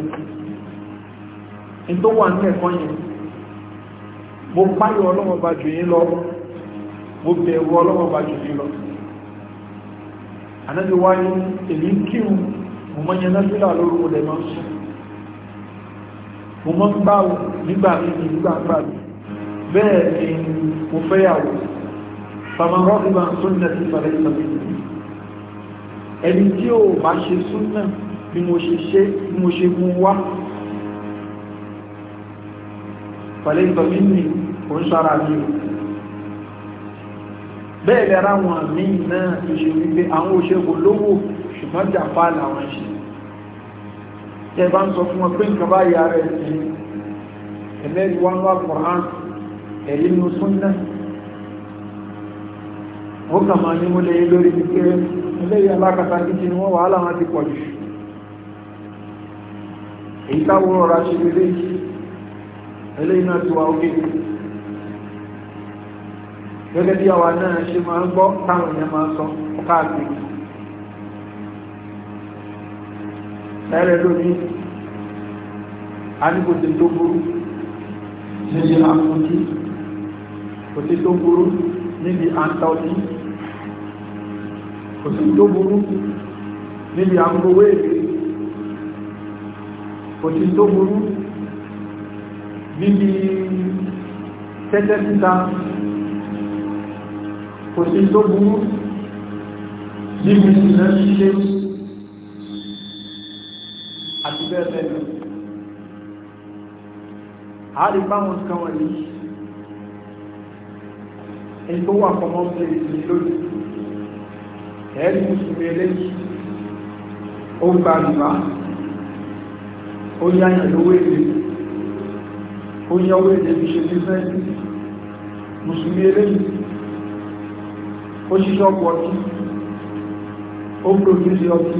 fún tó wà ní ẹ̀kọ́ yẹn mo páyọ̀ ọlọ́mọba jù yín lọ mo bẹ̀rù ọlọ́mọba jù yín lọ anábi wá ní èyí kíhù mo mọ́ yẹn lọ́sílà lórí mo lè máa ń sùn mo mọ́ ń báwò nígbà mi ní nígbà ń báwò bẹ́ẹ̀ ni mo fẹ́ yàwó fàmà rọ́bì máa ń sún náà sí fàlẹ́ ìsọ̀bí ẹni tí ó bá ṣe sún bí mo ṣe ṣe bí mo ṣe mú wá fàlẹ́ ìsọ̀bí ni ò ń sára mi o bẹ́ẹ̀ lẹ́ra wọn míì náà tó ṣe wípé àwọn òṣèkò lówó ṣùgbọ́n jàpá làwọn ṣe tẹ bá ń sọ fún wọn pé nǹkan bá yà rẹ̀ sí ẹlẹ́rìí wọn wá Kùránì ẹ̀rí nínú súnnà ó kà máa ní mo lè lórí wípé ẹlẹ́rìí alákatá títí ni wọ́n wàhálà wọn ti pọ̀ jù èyí táwọn ọ̀rọ̀ aṣèlérí eléyìí náà ti wà ókè gẹ́gẹ́ bí àwa náà ṣe máa ń gbọ́ táwọn èèyàn máa ń sọ káàkiri ẹ̀rẹ́ lónìí anígbòtí tó burú níbi àkójú òtí tó burú níbi àntọ́jú òtí tó burú níbi àmúgbówé òtí tó burú níbi tẹ́tẹ́ síta kò sí tó burú níbi ìsinmi ṣíṣe àti bẹ́ẹ̀ bẹ́ẹ̀ lọ àárí báwọn nǹkan wọ̀nyí èyí tó wà fọmọ́ sí ìsinmi lónìí ẹ̀ẹ́rì mùsùlùmí eléyìí ó gba àdùbá ó yá yàn lówó èdè ó yá owó èdè fi mùsùlùmí eléyìí ó ṣiṣẹ́ ọ̀pọ̀ ọtí ó pòdúsí ọtí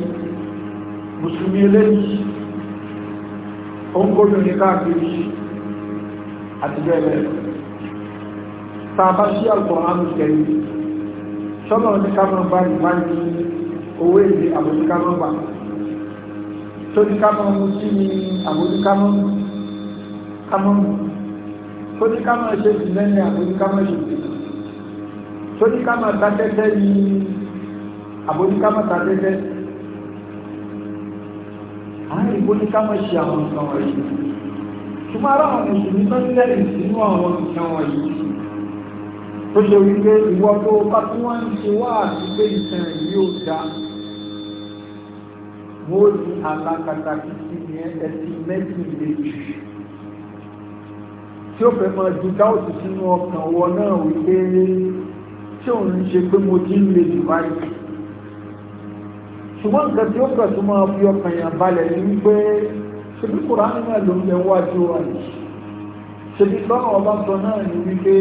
mùsùlùmí eléyìí ó ń kójú ní káàkiri àti bẹ́ẹ̀ tàbá sí alkùnránù kẹrì sọ́nà ní kámọ́ bá ìgbà ní owó èdè àbòsíkámọ́ bá tó ní kámọ́ mú sí ní àbòsíkámọ́ kámọ́ mú tó ní kámọ́ ṣe ìlẹ́yìn àbòsíkámọ́ sóní ká máa ta tẹ́tẹ́ ní àbóní ká máa ta tẹ́tẹ́ àwọn ìbóní ká máa ṣe àwọn nǹkan wọ̀nyí ṣùgbọ́n ara àwọn mùsùlùmí tó ń lẹ́yìn sínú àwọn nǹkan wọ̀nyí tó ṣe wípé ìwọ tó bá tí wọ́n ń ṣe wá àdúgbò ìtàn yìí ó dáa wọ́n ní alákatá títí ní ẹtí mẹ́tì méjì tí ó fẹ́ máa ju dáwọ́sì sínú ọkàn wọn náà wípé tí òun ń ṣe pé mo ti ń lè jù báyìí ṣùgbọ́n nǹkan tí ó kà tó máa fi ọkàn yàn balẹ̀ ní wípé ṣebí kùránì náà ló ń bẹ wájú wa yìí ṣebí tọ́nà ọba sọ náà ní wípé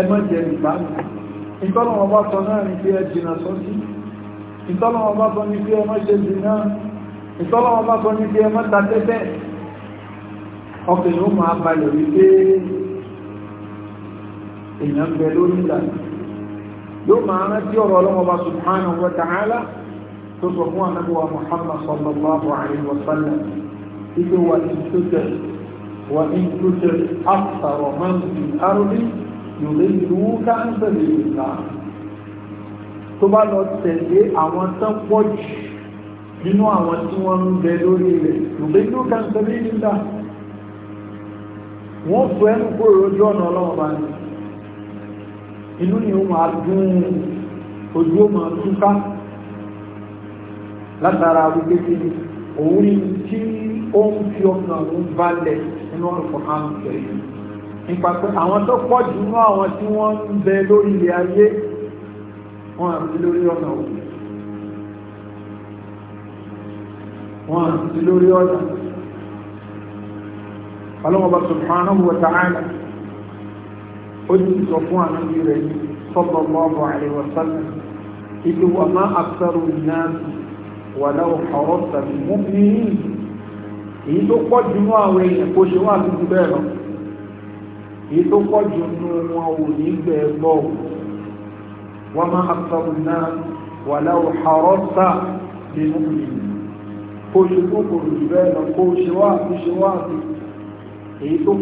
ẹ má jẹ ìgbà mi ìtọ́nà ọba sọ náà ní pé ẹ jìnà sọ́sí ìtọ́nà ọba sọ ní pé ẹ má ṣe jìnà ìtọ́nà ọba sọ ní pé ẹ má ta tẹ́tẹ́ ọkàn yóò máa balẹ̀ wípé èèyàn bẹ lórí ìlànà yóò máa rántí ọ̀rọ̀ ọlọ́mọba subhanahu wa ta'ala tó sọ fún anábíwá muhammad sallallahu alayhi wa sallam ibi wa in tuta wa in tuta akthar man fi ardi yudilluka an sabilillah tó bá lọ tẹ̀lé àwọn tán pọ̀ jù nínú àwọn tí wọ́n ń bẹ lórí rẹ̀ yudilluka an sabilillah wọ́n fẹ́ nù kúrò lójú ọ̀nà ọlọ́mọba ni inú ni ó máa dún ojú ó máa túká látara wípé kí ni òun rí tí ó ń fi ọmọ òun balẹ̀ nínú ọ̀pọ̀ àǹtẹ̀ yìí nípa pé àwọn tó pọ̀ jù mọ́ àwọn tí wọ́n ń bẹ lórí ilẹ̀ ayé wọ́n àti lórí ọ̀nà wọ́n àti lórí ọ̀nà ọlọ́mọba subhanahu wa ta'ala ó ní sọ fún ànábì rẹ̀ sallallahu alaihi wasallam ìlú wa máa àtẹrù náà wà láwọ̀ ọ̀rọ̀ tàbí mú ní èyí tó pọ̀ jù nú àwọn èèyàn kó ṣe wà tuntun bẹ́ẹ̀ lọ kó ṣe kókòrò jù ṣe wà tuntun èyí tó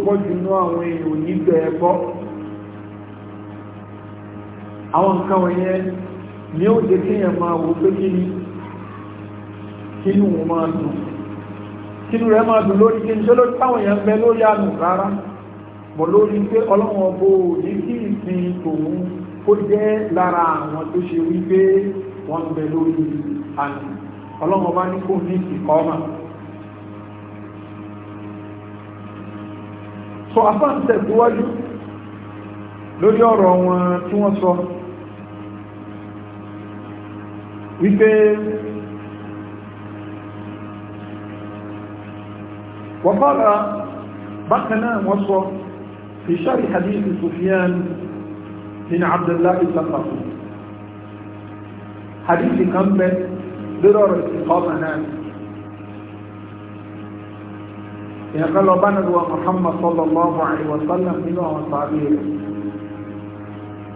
pọ̀ jù àwọn èèyàn ò ní gbẹ̀ bọ̀ àwọn nǹkan wọ̀nyẹ ni ó jẹ́ kíyàn máa wò pé kí ni kínú wọn máa dùn kínú rẹ̀ máa dùn lórí kí n ṣe lórí táwọn èèyàn bẹ lórí àmì rárá bọ̀ lórí pé ọlọ́wọ́n bó ní kí ìsìn tòun ó jẹ́ lára àwọn tó ṣe wí pé wọ́n bẹ lórí àmì ọlọ́wọ́n bá ní kò ní ìkọ́mà so afáǹtẹ̀ síwájú lórí ọ̀rọ̀ wọn tí wọ́n sọ wípé wàbára bákanáà wọ́n sọ fi ṣáàrí hadithi Sufyan bin Abdullah ìsàkàkù hadithi kan bẹ lórọ̀rọ̀ ìsìnkọ́mà náà ìyàkálọ̀ bá nàbíwá Muhammad sallallahu alaihi wasallam nínú àwọn sàárì rẹ̀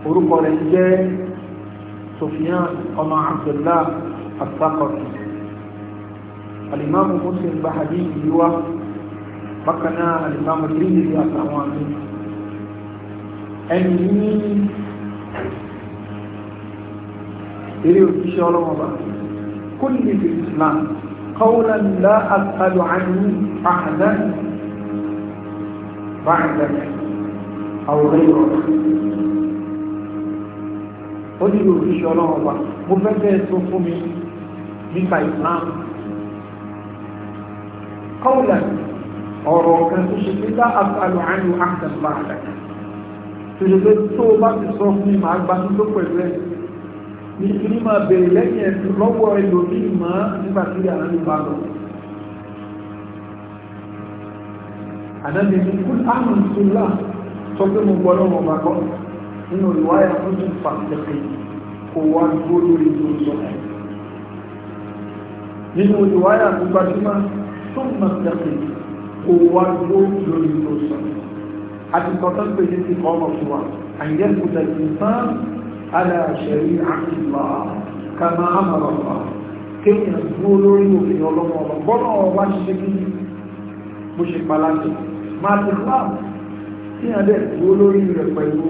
orúkọ rẹ̀ jẹ́ سفيان وما عبد الله الثقفي الإمام مسلم بحديث هو بكنا الإمام الدين الأسواني أني إليه إن كل في الإسلام قولا لا أسأل عنه أحدا بعدك أو غيرك ó nílò òṣìṣẹ́ ọlọ́run wa mo fẹ́ kẹ́ ẹ tó fún mi nípa islam kọ́ọ̀lá ọ̀rọ̀ kan tó ṣe pé bá àfàlù àánú àtàlà àdàkà tó ṣe pé tó o bá ti sọ fún mi màá gba tó pẹ̀lú ẹ̀ nítorí máa bèrè lẹ́yìn ẹ̀ lọ́wọ́ ẹlòmíì mọ́ nígbà tí àánú bá lọ. àdáni ní kúl àmì ìṣúlá sọ pé mo gbọ́ lọ́wọ́ bàkọ́ nínú ìwáyà tó tún fàtẹ̀kì kò wá gbó lórí tó sọ nínú ìwáyà tó gbajúmọ̀ tó mọ̀tẹ̀kì kò wá gbó lórí tó sọ àti kọ́tọ́ pé ní ti kọ́ ọmọ fún wa àyẹ̀ kò tẹ̀sí tán aláṣẹ̀rí àkìlá kama amọ̀rọ̀fà kéèyàn dúró lórí òfin ọlọ́mọ ọ̀rọ̀ bọ́nà ọba ṣiṣẹ́ kí bó ṣe palájọ máa ti kláàmù tí a dẹ̀ dúró lórí rẹ̀ pẹ̀lú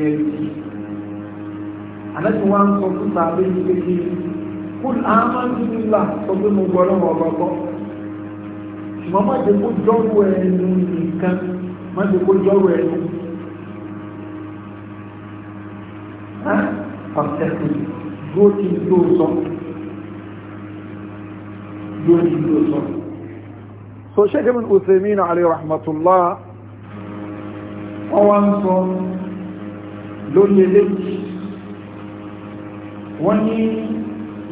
ní ẹrú tí àlẹ́sìn wa ń sọ fún tàbí ní kékeré kúl àmà ń tún là sọ pé mo gbọ́ lọ́wọ́ ọba gbọ́ ṣùgbọ́n má jẹ́ kó jọ́rù ẹnu nìkan má jẹ́ kó jọ́rù ẹnu pàtẹ́kù dúró tí dúró sọ dúró tí dúró sọ. so ṣé kí mi ò sèmí ní alẹ́ rahmatullah wọ́n ń sọ lórí eléyìí wọ́n ní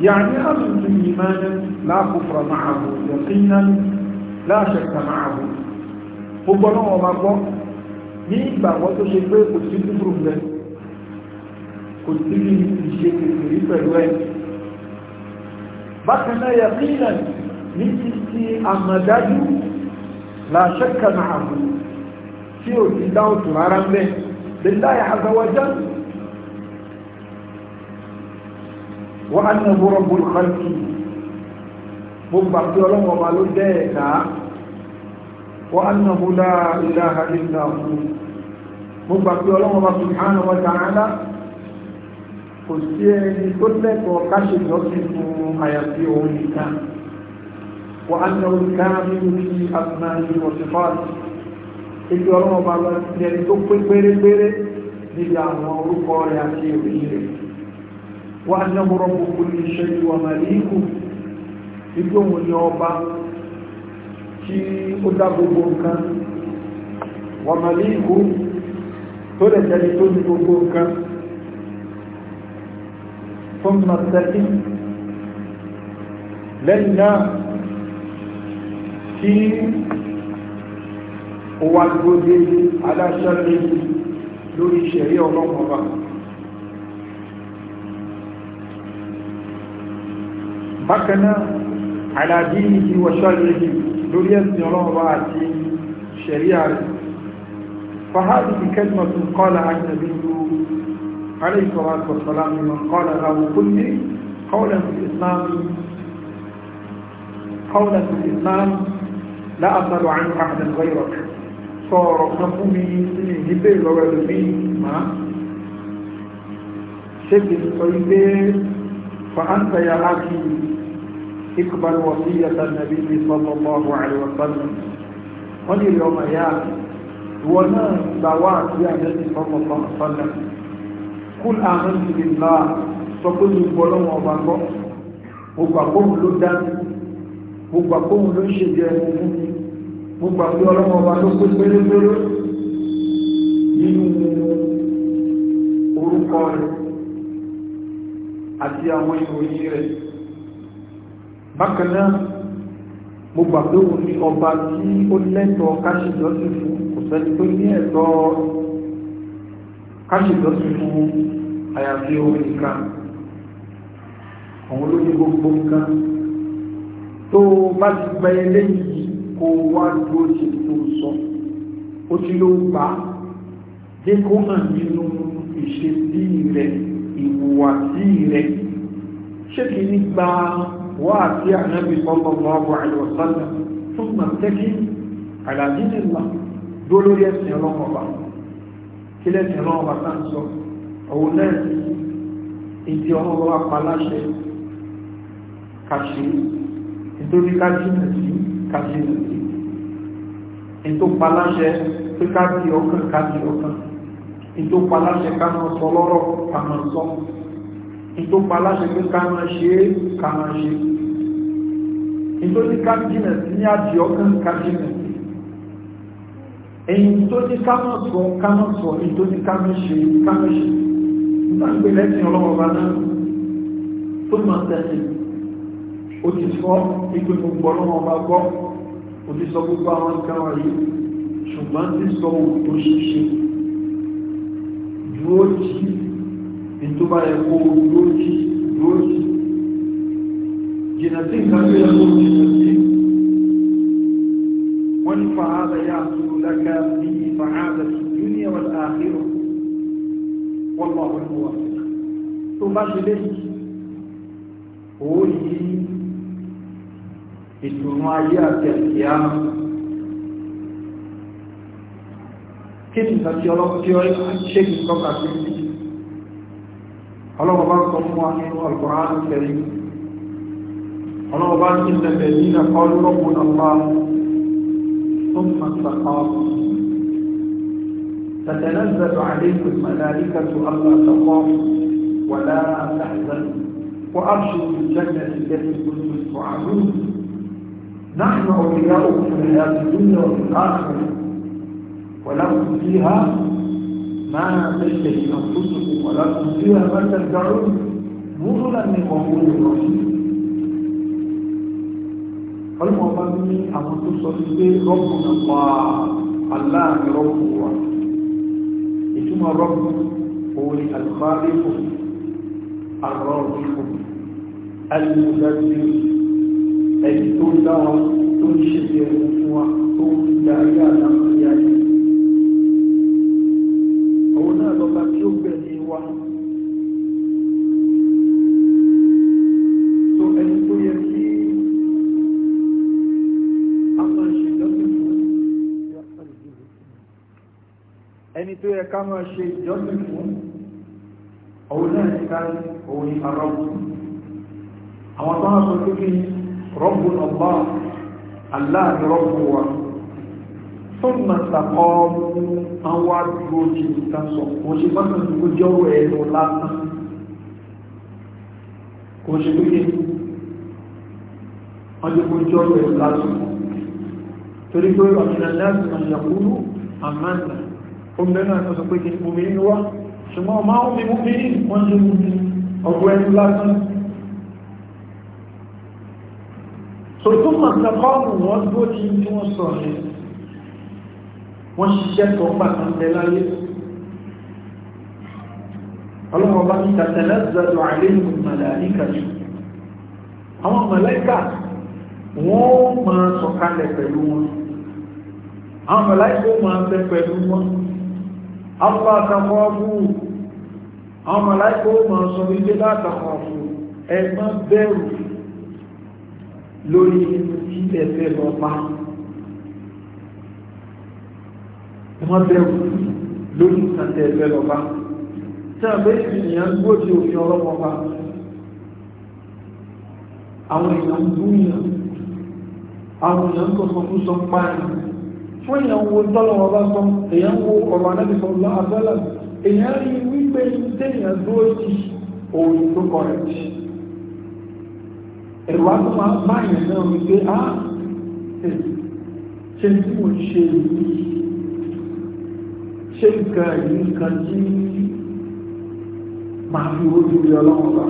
yàní àtúntò ìmáná láàkùfà máa bò yọ̀síná láàṣẹ̀kà máa bò gbogbo náà wọ́n máa gbọ́ ní ìgbàgbọ́ tó ṣe pé kò sí kúrò rẹ̀ kò sí ní ìṣe kìrì pẹ̀lú ẹ̀ bákan náà yọ̀síná ní ti ti àmàdájú láàṣẹ̀kà máa tí ò ti dáhùn rárá bẹ́ẹ̀ لله عز وجل وأنه رب الخلق مبعث له ومالديك وأنه لا إله إلا هو مبعث له سبحانه وتعالى kò sí ẹni tó lẹ́kọ̀ọ́ káṣẹ̀lọ́ nínú àyàfi òun nìkan wọ́n á náwó káàmì ní àtúnáyé wọ̀sífáàtì ibi ọlọ́wọ́ bá lọ sí ẹni tó pé pérépéré níbi àwọn orúkọ rẹ̀ àti ìròyìn rẹ̀ wọ́n á ní ọmọ gbogbo ní iṣẹ́ ìwà màlíkù ibi òun ni ọba tí ó dá gbogbo nǹkan wà màlíkù tó lè tẹ́lẹ̀ tó ní gbogbo nǹkan fún màtẹ́lì lẹ́yìn náà ó wá dúró déédéé aláṣẹ́lẹ̀ lórí ìṣẹ̀rí ọlọ́pàá bá àlàdí ìdí lórí ẹ̀sìn àti ìṣẹ̀rí ààrẹ فهذه كلمة قالها النبي عليه الصلاة والسلام من قال له كل قولا في الإسلام قولا في الإسلام لا أسأل عنه أحدا غيرك sọ̀rọ̀ kan fún mi sí ìdíbẹ̀ ìlọ́wọ́ ẹlòmí máa ṣe kì í sọ ilé fa'anta ya láti ikbar wasiyyata nabiyyi sallallahu alaihi wasallam wọ́n lè rí ọmọ ya ìwọ náà gbà wá sí àjẹ́sí sallallahu alaihi mo gbà pé ọlọ́mọ ọba ló pé pérépéré nínú orúkọ rẹ̀ àti àwọn ìròyìn rẹ̀ bákan náà mo gbà pé òun ní ọba tí ó lẹ́tọ̀ọ́ káṣíjọ́sìn fún kò sẹ́ni tó ní ẹ̀tọ́ káṣíjọ́sìn fún àyàfi orin nìkan àwọn olóyìn gbogbo nǹkan tó bá ti gba eléyìí kó wá dúró ṣe tó sọ ó ti ló gbà á jẹ́ kó hàn nínú ìṣesí rẹ̀ ìhùwàsí rẹ̀ ṣé kì í gba wá àti ànábì sallallahu alaihi wasallam fún màtẹ́kì àlàdínìlá dólórí ẹ̀sìn ọlọ́mọba kí lẹ́sìn ọlọ́mọba tá ń sọ òun náà ìdí ọlọ́mọba paláṣẹ kàṣe nítorí ká jìnà sí kàṣe ètò paláṣẹ pé káàkiri ọkàn káàkiri ọkàn ètò paláṣẹ ká máa sọ lọ́rọ̀ ká máa sọ ètò paláṣẹ pé ṣe é ká máa ṣe ètò ní ká jìnà sí ní àti ọkàn ká jìnà sí èyí tó ní ká máa sọ ká máa sọ èyí tó ní ká máa ṣe ká máa ṣe nígbà pé lẹ́sìn ọlọ́wọ́ bá náà tó máa tẹ̀lé ó ti sọ ìpinnu gbọ́ onísọ gbogbo àwọn nǹkan wáyé ṣùgbọ́n tí sọ ohun tó ṣeṣe dúró jí ní tó bá yẹ kó dúró jí dúró jí jìnà tí nǹkan tó yẹ kó jìnà sí wọ́n ní fàáza yá àtúrò lákà ní fàáza sí júníà wà láàrírò wọ́n lọ àwọn ìwà tó bá ṣe lẹ́yìn òórì yìí ìtùnú ayé àti ẹ̀kìyàmà kí ni ìtàkì ọlọ́pẹ́ ṣe kí tọ́ka sí ọlọ́pàá sọ fún wa nínú alkùnrin kẹrì ọlọ́pàá sí ìtẹ̀lẹ̀ nínú ọlọ́pùn ọlọ́pàá tó mọ̀ sàkọ́ تتنزل عليكم الملائكة ألا تخافوا ولا تحزنوا وأبشروا بالجنة التي كنتم توعدون نحن أولياؤكم في الآن الدنيا وفي الآخرة ولكم فيها ما تشتهي أنفسكم ولكم فيها ما تدعون نزلا من قبول الرحيم فالمؤمنين أن تصل به ربنا الله الله ربه ثم الرب هو الخالق الرازق المدبر ẹni tó dá wọn tó ń ṣe bí ẹni fún wa tó ń darí àdámọ́lé ayé òun náà lọ́ba tí ó gbẹ̀lé wa tó ẹni tó yẹ kí a máa ṣe ìjọsìn fún ẹni tó yẹ ká máa ṣe ìjọsìn fún òun náà ní ká òun ní àrọ́pù àwọn tó wá sọ pé kí ni rọ́bù ọ̀pá aláàbí rọ́bù wa fọ́nà tàkọ́ àwọn àdúgbò tí ó ta sọ kò ṣe bá kan tó jẹ́ ọ̀rọ̀ ẹ̀rọ lásán kò ṣe tó yẹ ọjọ́ kò jẹ́ ọ̀rọ̀ ẹ̀rọ lásán torí pé ọ̀nà láti máa yàkúrú àmàna omi náà tó sọ pé kí omi torítún mọ̀ sàkọ́ọ̀mù wọ́n tó ti tí wọ́n sọ ní wọ́n ṣiṣẹ́ tó pàtà ń bẹ láyé ọlọ́wọ́ bá ní tàtàlẹ́ zàdọ̀ àlẹ́yìn màláìkà jù àwọn màláìkà wọ́n máa sọ̀kalẹ̀ pẹ̀lú wọn àwọn màláìkà máa bẹ pẹ̀lú wọn àwọn àtàkọ́ fún àwọn màláìkà máa sọ wípé látàkọ́ fún ẹ má bẹ̀rù lórí títẹ̀ fẹ́ lọ pa wọ́n bẹ̀rù lórí títẹ̀ fẹ́ lọ pa tí a bẹ́ ènìyàn gbó tí òfin ọlọ́pọ̀ pa àwọn èèyàn gbúyàn àwọn èèyàn tó sọ fún sọ páyàn fún èèyàn wo tọ́lọ̀wọ́ bá sọ èèyàn wo ọ̀rọ̀ anábìsọ̀ lọ́ àbẹ́lẹ̀ èèyàn rí wípé tẹ́yàn dúró sí òun tó kọ̀rẹ̀ ẹ̀rù á tó máa báyìí náà wípé a, ah, ṣe tí mo ṣe yìí ṣe nǹkan yìí nǹkan tí máa fi ojú rí ọlọ́wọ́n bá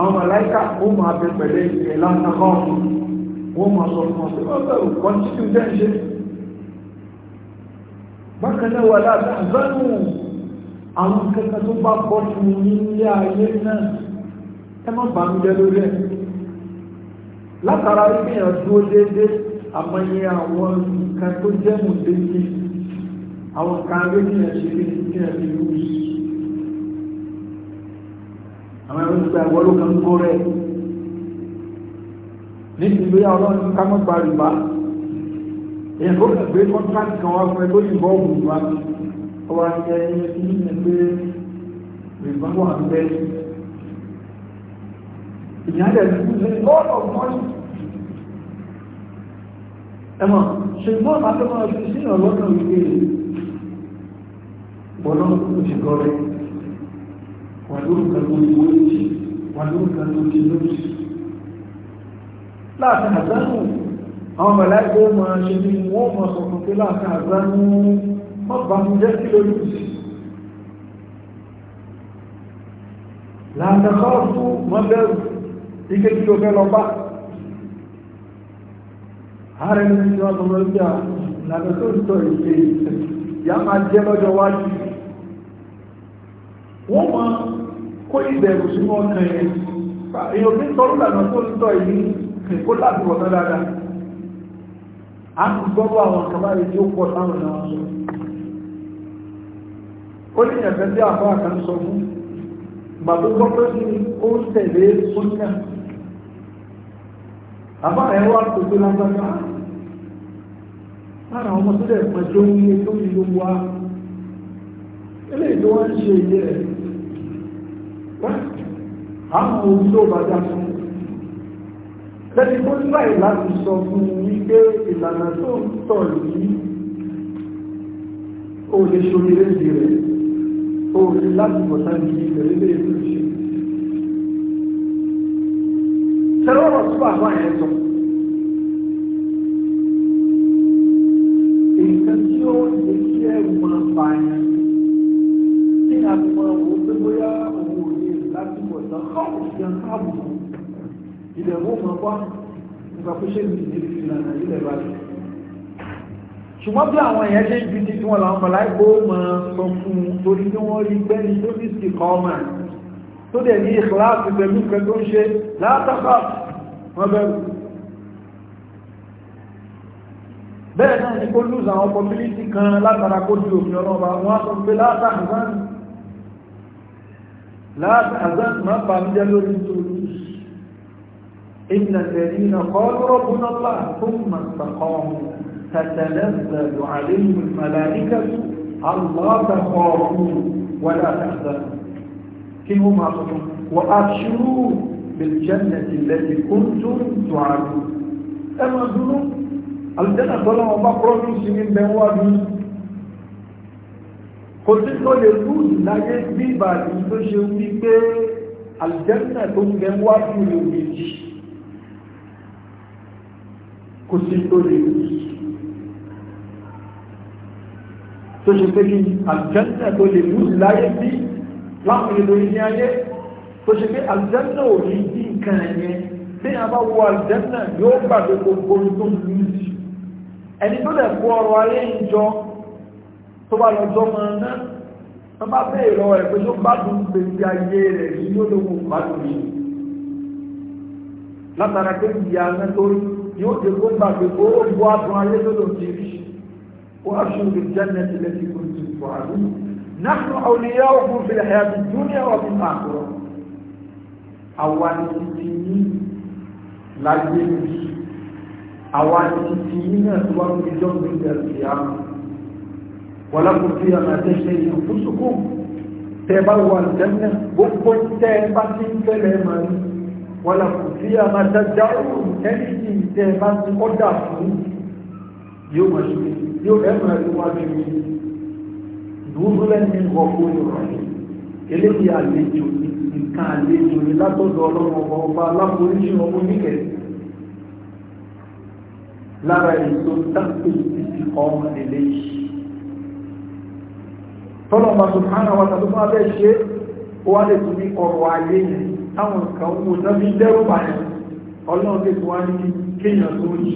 àwọn màláìkà ó máa bẹ pẹ̀lẹ́ ìpẹ̀ lásàkọ́ wọ́n máa sọ fún ọ̀sẹ̀ ọ̀bẹ̀rù kọ́ntínú jẹ́ ṣe bákanáà wà láti àzánù àwọn kẹta tó bá pọ̀ fún ní ilé ayé náà ẹ má bàá mi jẹ lórí ẹ̀ látara wípé yàn dúró déédéé àmọye àwọn nǹkan tó jẹ́ mùdéjì àwọn nǹkan méjì yàn ṣe ní kí yàn fi rú yìí àwọn ẹgbẹ́ ìgbà ìwọ ló kàn ń kó rẹ̀ ní ìlú yà ọlọ́run ká mọ́ gba rìbá èyàn tó kàn gbé kọ́ńtàkì kan wá fún ẹ tó yìnbọn òògùn wa ọwọ́ àti ẹni tí yìnyín wà ń bẹ́ẹ̀ ìyẹn dẹ̀ lose a lot of money ẹmọ̀ ṣùgbọ́n àtọ́mọ̀ ọdún sí ọlọ́nà ìgbé bọ́lá òṣìkọ́ rẹ̀ wà lórúkà lórí wéjì wà lórúkà lórí lórí láàfin àdánù àwọn mẹ̀láìkó máa ṣe ní wọ́n mọ̀ sọ̀tún pé láàfin àdánù mọ́bà mú jẹ́ kí lórí láàfin àdánù mọ́bẹ̀rù ike tí o fẹ́ lọ bá ààrẹ ní ìjọ àtọ̀rọ̀ ìjà ìlànà tó ń sọ èdè ìyá máa jẹ́ lọ́jọ́ wájú wọ́n máa kó ìbẹ̀rù sínú ọkàn yẹn èèyàn fi ń tọrọ ìlànà tó ń sọ èyí kò láti wọ̀ náà a kò gbọ́gbọ́ àwọn kàbáyé tí ó pọ̀ sáwọn náà sọ ó ní ẹ̀fẹ́ tí àbá kan fún gbàgbọ́gbọ́ pé ó ń tẹ̀lé sónà àbá ẹ̀ wá gbogbo lágbàgbà lára ọmọ tó dẹ̀ pẹ̀jọ́ ní ẹjọ́ ìlú wa ilé ìlú wọn ń ṣe ìyẹ́ ẹ̀ àwọn ohun tó bá dá fún lẹ́ni tó ń báyìí láti sọ fún wípé ìlànà tó ń tọ̀ yìí ó lè ṣorí léde rẹ̀ ó lè láti bọ̀tá yìí pẹ̀lú ilé ìlú ìṣẹ́ tẹ́lẹ̀ ọ̀rọ̀ sọ àwọn àyẹ̀ sọ. nǹkan tí ó lè kí ẹ̀rù máa bá yẹn ní àgbà wo pé bóyá òun ò lè láti bọ̀ tán káwọn fi hàn káàbù ilẹ̀ wo máa wá nípa pé ṣé mi ìdílé fi lànà ilẹ̀ bá mi. ṣùgbọ́n bí àwọn èèyàn ṣe ń ju ti tiwọn làwọn mọ̀láìpọ̀ máa sọ fún un torí tí wọ́n bẹ̀rù bẹ́ẹ̀ náà ni kó lùzà àwọn community kan látara kó di òfin ọlọ́ba wọ́n sọ pé látàzán látàzán má bà ń jẹ́ lórí torí ìnà tẹ̀lé na kọ́lù rọ́bùn ọlá fún màtàkọ́ọ̀mù تتنزل عليهم الملائكة الله تخافوا ولا تحزنوا كم هم أصدقوا وأبشروا بالجنة التي كنتم تعدون ẹmọ dúró àlùjẹ́nà tọ́lá wọn bá promise ní bẹ̀wọ́ bí kò sí tó lè kú ìláyé bí ìbàdí tó ṣe wí pé àlùjẹ́nà tó ń bẹ̀wọ́ bí rẹ̀ méjì kò sí tó lè kú tó ṣe pé kí àlùjẹ́nà tó lè kú ìláyé bí láwọn èdè ìní ayé tó ṣe pé aljanna ò ní bí nǹkan yẹn bí a bá wọ aljanna yóò gbàgbé gbogbo tó ń lù sí ẹni tó lè kó ọrọ̀ ayé ń jọ tó bá lọ jọ mọ náà wọn bá bẹ́ẹ̀ lọ ẹ̀ pé tó gbádùn gbèsè ayé rẹ̀ yìí yóò lówó gbádùn yìí látara pé ìyá náà tó yóò dé kó gbàgbé gbogbo àtún ayé tó lò ti rí وأبشر بالجنة التي كنتم توعدون نحن أولياؤكم في الحياة الدنيا وفي الآخرة àwa ni títí ní láyé bí àwa ni títí ní náà tó wá ń fi jọ́ mi bẹ̀rẹ̀ sí á wọ́n lákòó fi ọ̀nà àtẹ́ṣe ìyàn fún sùkúù tẹ́ bá wà lẹ́mẹ̀ gbogbo tẹ́ bá ti ń fẹ́lẹ̀ máa ní wọ́n lákòó fi ọ̀nà àtẹ́ṣe ìyàn tẹ́lifí tẹ́ bá ti ọ́dà fún yóò máa ṣe yóò ẹ̀ máa rí wájú yìí dúró lẹ́yìn ọkọ̀ òyìnbó eléyìí àlejò yìí nǹkan àlejò ní látọ̀dọ̀ ọlọ́run ọba ọba aláforíjì ọmọ oníkẹ̀ lára èso tápé títí ọmọ eléyìí tọ́lọ̀ bá tó hánà wá tàbí máa bẹ́ẹ̀ ṣe ó wá lè tún ní ọrọ̀ ayé yẹn táwọn nǹkan wo náà fi dẹ́rù bá yẹn ọlọ́run lè tún wá ní kéèyàn tó yí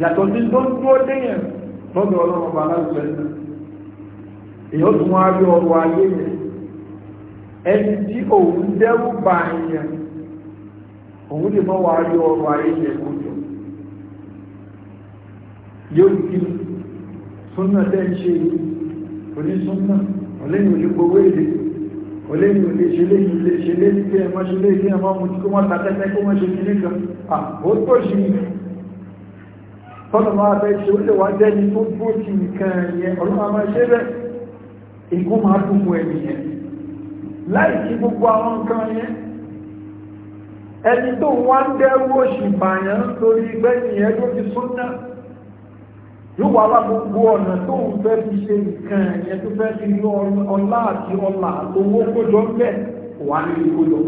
yàtọ̀ sí tó ń dúró déyẹn lọ́dọ̀ ọlọ́run ọba aláìsọ ẹ̀sìn èyàn tún wá rí ọrọ̀ ayé yẹn ẹni tí òun dẹ́rù bá yẹn òun lè mọ́ wá rí ọrọ̀ ayé yẹn kó jọ yóò kí súnà tẹ́ ń ṣe onísúnà ọlẹ́yìn olùgbòwé èdè olóyìn ò lè ṣe léyìn ilé ṣe léyìn ilé ẹmọ́ ṣe léyìn ilé ẹmọ́ mú kí wọ́n ta tẹ́tẹ́ kó wọ́n ṣe ní nìkan ó tó ṣe ní tọ́nà máa fẹ́ ṣe ó lè wá jẹ́ ní tó tó ti nìkan yẹn ọlọ́run máa ṣe bẹ́ẹ̀ ìkún máa dùn mú ẹni yẹn láì sí gbogbo àwọn nǹkan yẹn ẹni tó wá ń dẹ́rú òṣì bàyàn lórí gbẹ́yìn yẹn ló fi sún náà yóò wá wá gbogbo ọ̀nà tó ń fẹ́ fi ṣe nǹkan yẹn tó fẹ́ fi ní ọlá àti ọlà owó kójọ ń bẹ̀ wà ní ìkójọ.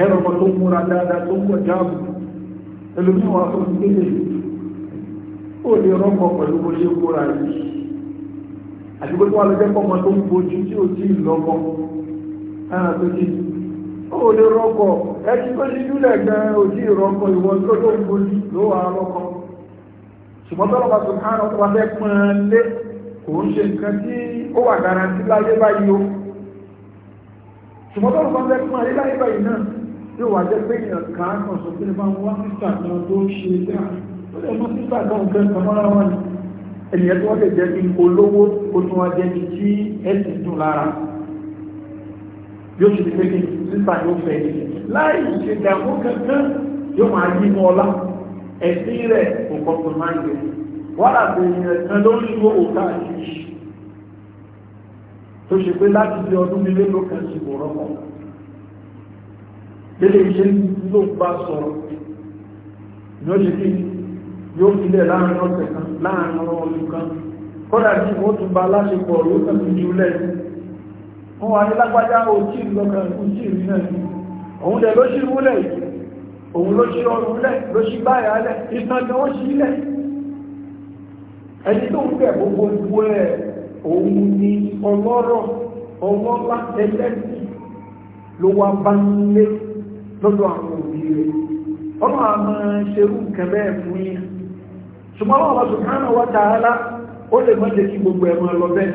ẹ̀rọ ọmọ tó múra dáadáa tó ń pọ̀ jáàmù ẹlòmíràn wà tó ń gbélé ó lè rọ́pọ̀ pẹ̀lú bó ṣe kóra rẹ̀ àti pé wọ́n lọ jẹ́ pọ́mọ tó ń bojú tí ò tí ì lọ́mọ ẹran tó ti ó lè rọ́pọ̀ ẹni tó ti dúlẹ̀ gan ò tí ì rọ́pọ̀ ìwọ tó tó ń bojú ló wà lọ́kọ ṣùgbọ́n tọ́lọ́ bá tó kárọ̀ tó wá fẹ́ pọ́n lé kò ń ṣe nǹkan tí ó wà garanti láyé báyìí o ṣùgbọ́n tọ́lọ́ bá fẹ́ pọ́n lé láyé báyìí náà yóò wá jẹ́ pé èèyàn kan kan sọ pé máa ń wá nígbà náà tó ń ṣe dáa ó lè mú sí pàtó nǹkan kan mọ́ra wọn ni ènìyàn tí wọ́n lè jẹ́ bí olówó ó tún wá jẹ́ bí tí ẹ̀sìn dùn lára yóò ṣe pé kí sísà yóò fẹ́ láì ṣe dààmú kankan yóò máa yí mọ́ ọlá ẹ̀sìn rẹ̀ kò kọ́kọ́ máa ń gbé wọ́n àti ènìyàn kan ló ń ṣe òkà àṣìṣe tó ṣe pé láti bí ọdún nílé ló kàn sí ìwòrán mọ́ lélẹ̀ iṣẹ́ ló bá sọ̀rọ̀ ni ó ṣe kí yóò fi lẹ̀ láàrin ọ̀sẹ̀ kan láàrin ọdún kan kọ́dà tí wọ́n tún bá láṣepọ̀ yóò kàn fi jù lẹ̀ wọ́n wà ní lágbájá ojú ìlọ́kàn ojú ìrìn náà òun lẹ̀ ló ṣì wúlẹ̀ òun ló ṣì ọrùn lẹ̀ ló ṣì báyà lẹ̀ ìtàn ni wọ́n ṣì bá ń lé lọ́dọ̀ àwọn òbí rẹ̀ ọlọ́ àmọ́ ṣerú nǹkan fún yín ṣùgbọ́n Allah subhanahu wa ta'ala ó lè mọ́ jẹ́ kí gbogbo ẹ̀ máa lọ bẹ́ẹ̀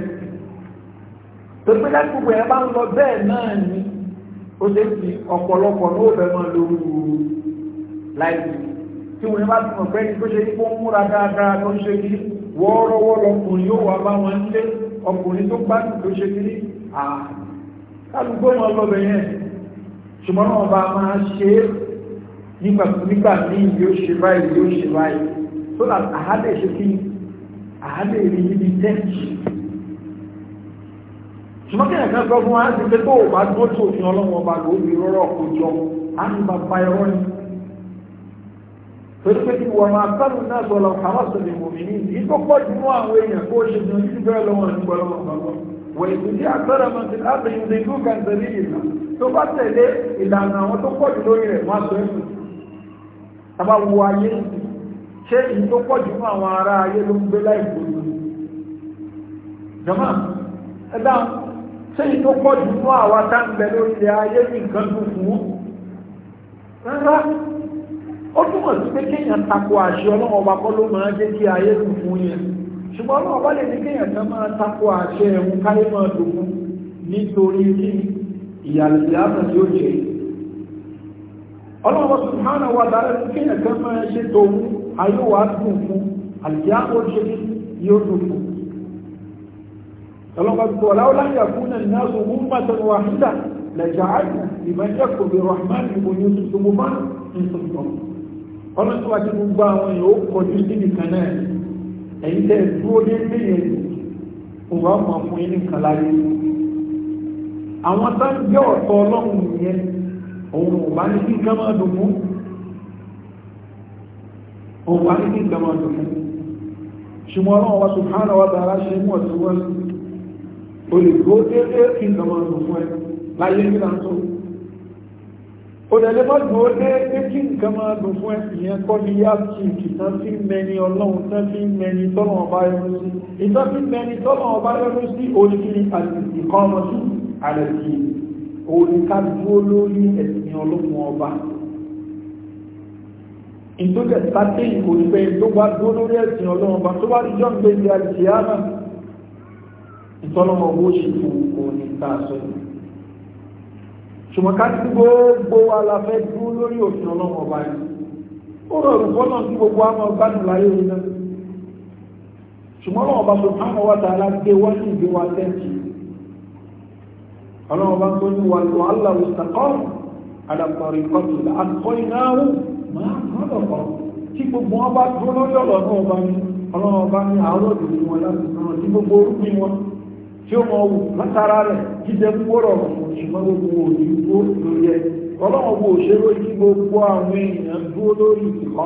tó pé láti gbogbo ẹ̀ bá ń lọ bẹ́ẹ̀ náà ni ó lè fi ọ̀pọ̀lọpọ̀ ní òbẹ̀ máa lóru láìsí tí wọ́n bá tún ọ̀fẹ́ ní tó ṣe kó ń múra dáadáa tó ṣe kí wọ́ọ́rọ́wọ́ lọkùnrin yóò wà bá wọn lé ọkùnrin tó bá tó ṣe kí kálùgbó wọn lọ́bẹ̀ yẹn ṣùgbọ́n wọn so that a há lè ṣe a há lè rí ibi tẹ́ǹtì ṣùgbọ́n kí ẹ̀kan sọ fún wa ti pé tó o bá tó tó òfin ọlọ́run ọba ló fi rọ́rọ́ kó jọ á ní bàbá ẹ̀rọ ni torí pé kí wọ́n máa kánú náà sọ lọ àwọn sọ̀rọ̀ ìmọ̀mí ní ìdí tó pọ̀ jù mọ́ àwọn èèyàn kó ṣe jù ní bẹ́ẹ̀ lọ́wọ́ ní gbọ́lọ́wọ́ gbọ́lọ́ wọ́n ètò tí àtọ́rọ̀ máa ti láti ń dín lókà ń tẹ̀lé ìlà tó bá tẹ̀lé ìlànà àwọn tó pọ̀ jù lórí rẹ̀ máa sọ ẹ̀sùn ṣé èyí tó pọ̀ jù fún àwọn ará ayé ló ń gbé láìpò lórí jọmọ́ ẹ̀dá ṣé èyí tó pọ̀ jù fún àwọn atáǹbẹ̀ lórí ilẹ̀ ayé ní nǹkan tó fún wọn rárá ó túmọ̀ sí pé kéèyàn tako àṣẹ ọlọ́run ọba kọ́ ló máa jẹ́ kí ayé tó fún yẹn ṣùgbọ́n ọlọ́run ọba lè ní kéèyàn kan máa tako àṣẹ ẹ̀hún káyé máa dùn fún nítorí kí ìyàlùyà náà yóò jẹ́ ọlọ́run sùn ayé wà dùn fún àlìyá ó ṣe ní yóò dùn fún ọlọ́gbàgbọ́ aláwọ̀láyà fún ẹ̀nàzù ummatan wahida lẹ́jàáyà ìmẹ́jẹ́kùn bí rahman ìbòyún tuntun mú bá ń sọ̀tọ̀ ọlọ́síwájú gbogbo àwọn èèyàn ó kọjú sí nìkan náà ẹ̀yìn tẹ́ dúró dé léyìn òwò ọmọ fún yín nìkan láyé àwọn tá ń gbé ọ̀tọ̀ ọlọ́run yẹn òun ò bá ní kí ká má dùn fún òun wà ní ìgbà máa dùn fún ṣùgbọ́n ọlọ́run wa subhanahu wa ta'ala ṣe mú ọ̀tún wọn o lè gbó déédé kí ìgbà máa dùn fún ẹ láyé nígbà tó o lè lè má gbó déédé kí nǹkan máa dùn fún ẹ ìyẹn kọ́ ní yá kí ká dúró lórí ẹ̀sìn ọlọ́run ọba ìtòkẹ̀ sáté ìkò ìpẹ́ tó wá dó lórí ẹ̀sìn ọlọ́run bá tó bá rí john gbé ní alìsíyámà ìtọ́lọ́mọ owó ṣe fún òní tá a sọ yìí ṣùgbọ́n ká tí gbogbo wa la fẹ́ dúró lórí òfin ọlọ́run ọba yìí ó rọrùn fọ́nà tí gbogbo wa máa gbádùn láyé orí náà ṣùgbọ́n ọlọ́run ọba sọ fáwọn wa tá a lá gbé wá sí ìgbé wa tẹ́ǹtì ọlọ́run ọba tó ní wà lọ́ọ́ máa lọ̀pọ̀ tí gbogbo wọn bá dúró lórí ọ̀rọ̀ náà bá ní ọlọ́run ọba ní àárọ̀ òdòdó wọn láti náà tí gbogbo orúkú wọn tí ó mọ wù látara rẹ̀ jíjẹ gbórọ̀ ṣùgbọ́n gbogbo òní tó lórí ẹ ọlọ́run ọba òṣèré tí gbogbo àwọn èèyàn dúró lórí ìkọ́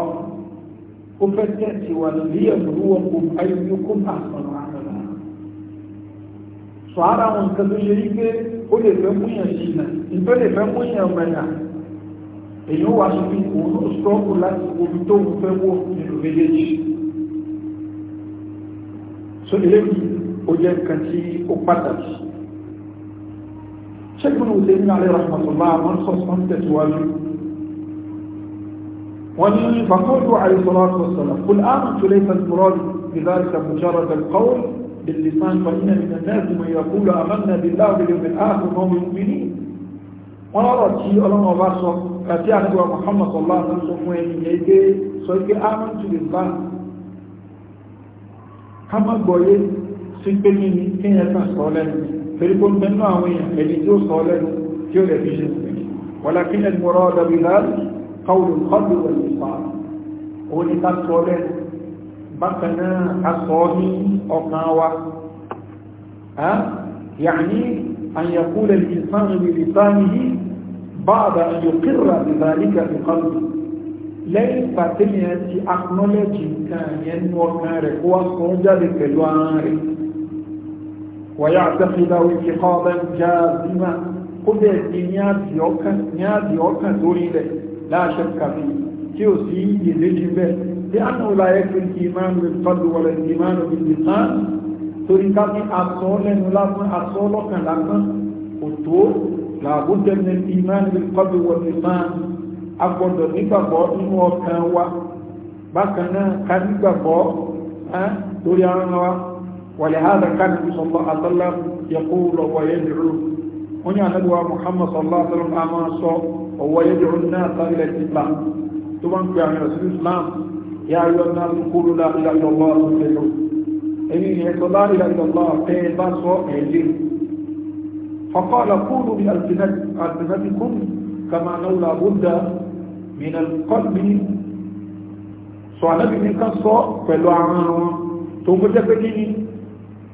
ó fẹ́ tẹ̀sí wà lórí ẹ̀mùrú wọn kò ayọ̀mí kó bá sọ̀rọ̀ àmàlà sọ ara wọn nǹkan èyàn wà sí òun ló sọ́kù láti omi tó ń fẹ́ wó nínú méjèèjì so eléyìí ó jẹ́ nǹkan tí ó pàtàkì ṣẹ́gun òde ní alẹ́ rahmatullah àwọn sọ́sán tẹ̀síwájú wọ́n ní fàkọ́jú àìsọ́láàtù ọ̀sọ̀lá kùl áàmù tó lẹ́sà mùrọ́lù بذلك مجرد القول باللسان فإن من الناس من يقول آمنا بالله واليوم الآخر وهم مؤمنين ونرى تي الله ما kàtí àtúwà Muhammad sallallahu alaihi wasallam fún ẹni yẹ pé sọ pé amantu billah ká má gbọ́yé sí pé ní ní kí ẹ kà sọ lẹ́nu torí kó mẹ́nu àwọn èèyàn ẹni tí ó sọ lẹ́nu tí ó rẹ̀ fi ṣe walakin al-murada billah qawlul qalbi wal lisan òun ni ká sọ lẹ́nu bákan náà ká sọ ní ọkàn wa yàní an yaqula al-insanu bi báàbà ni yóò kírà ìdàríkà ìkọlù lẹ́yìn pàtẹ́lì ẹ̀ ti akọ́lẹ́jì nǹkan yẹn nú ọkàn rẹ̀ kó wá sọ jáde pẹ̀lú ara rẹ̀ wọ̀yá àtẹ́fìdá òkè kọ́ọ̀bẹ̀ já zima kó bẹ̀ ní ní àdì ọkàn lórí rẹ̀ láàṣẹ kàfí tí ó sì yè léjì bẹ́ẹ̀ tí a náà láyé fi ìmánu ìfọdù wọlé ìmánu ìdìtàn torí ká ní asọ́ lẹ́nu lásán asọ́ lọ́kàn lásán òtó làbújẹ ní ìmán ní kọ́bí wọn ní máa agbọ́dọ̀ nígbàgbọ́ nínú ọkàn wa bákan náà ká nígbàgbọ́ lórí àwọn wa ولهذا كان النبي صلى الله عليه وسلم يقول ويدعو هنا ندوى محمد صلى الله عليه وسلم أما صوت وهو يدعو الناس إلى الإسلام ثم يعني رسول الإسلام يا أيها الناس قولوا لا إله إلا الله تفلحوا إن يقول لا إله إلا الله فإن بصوا إليه فقال قولوا بألسنتكم كما لو لا بد من القلب sọ alábìnrin kan sọ pẹ̀lú àwọn wọn tó ń gbọ́jẹ́ pé kí ni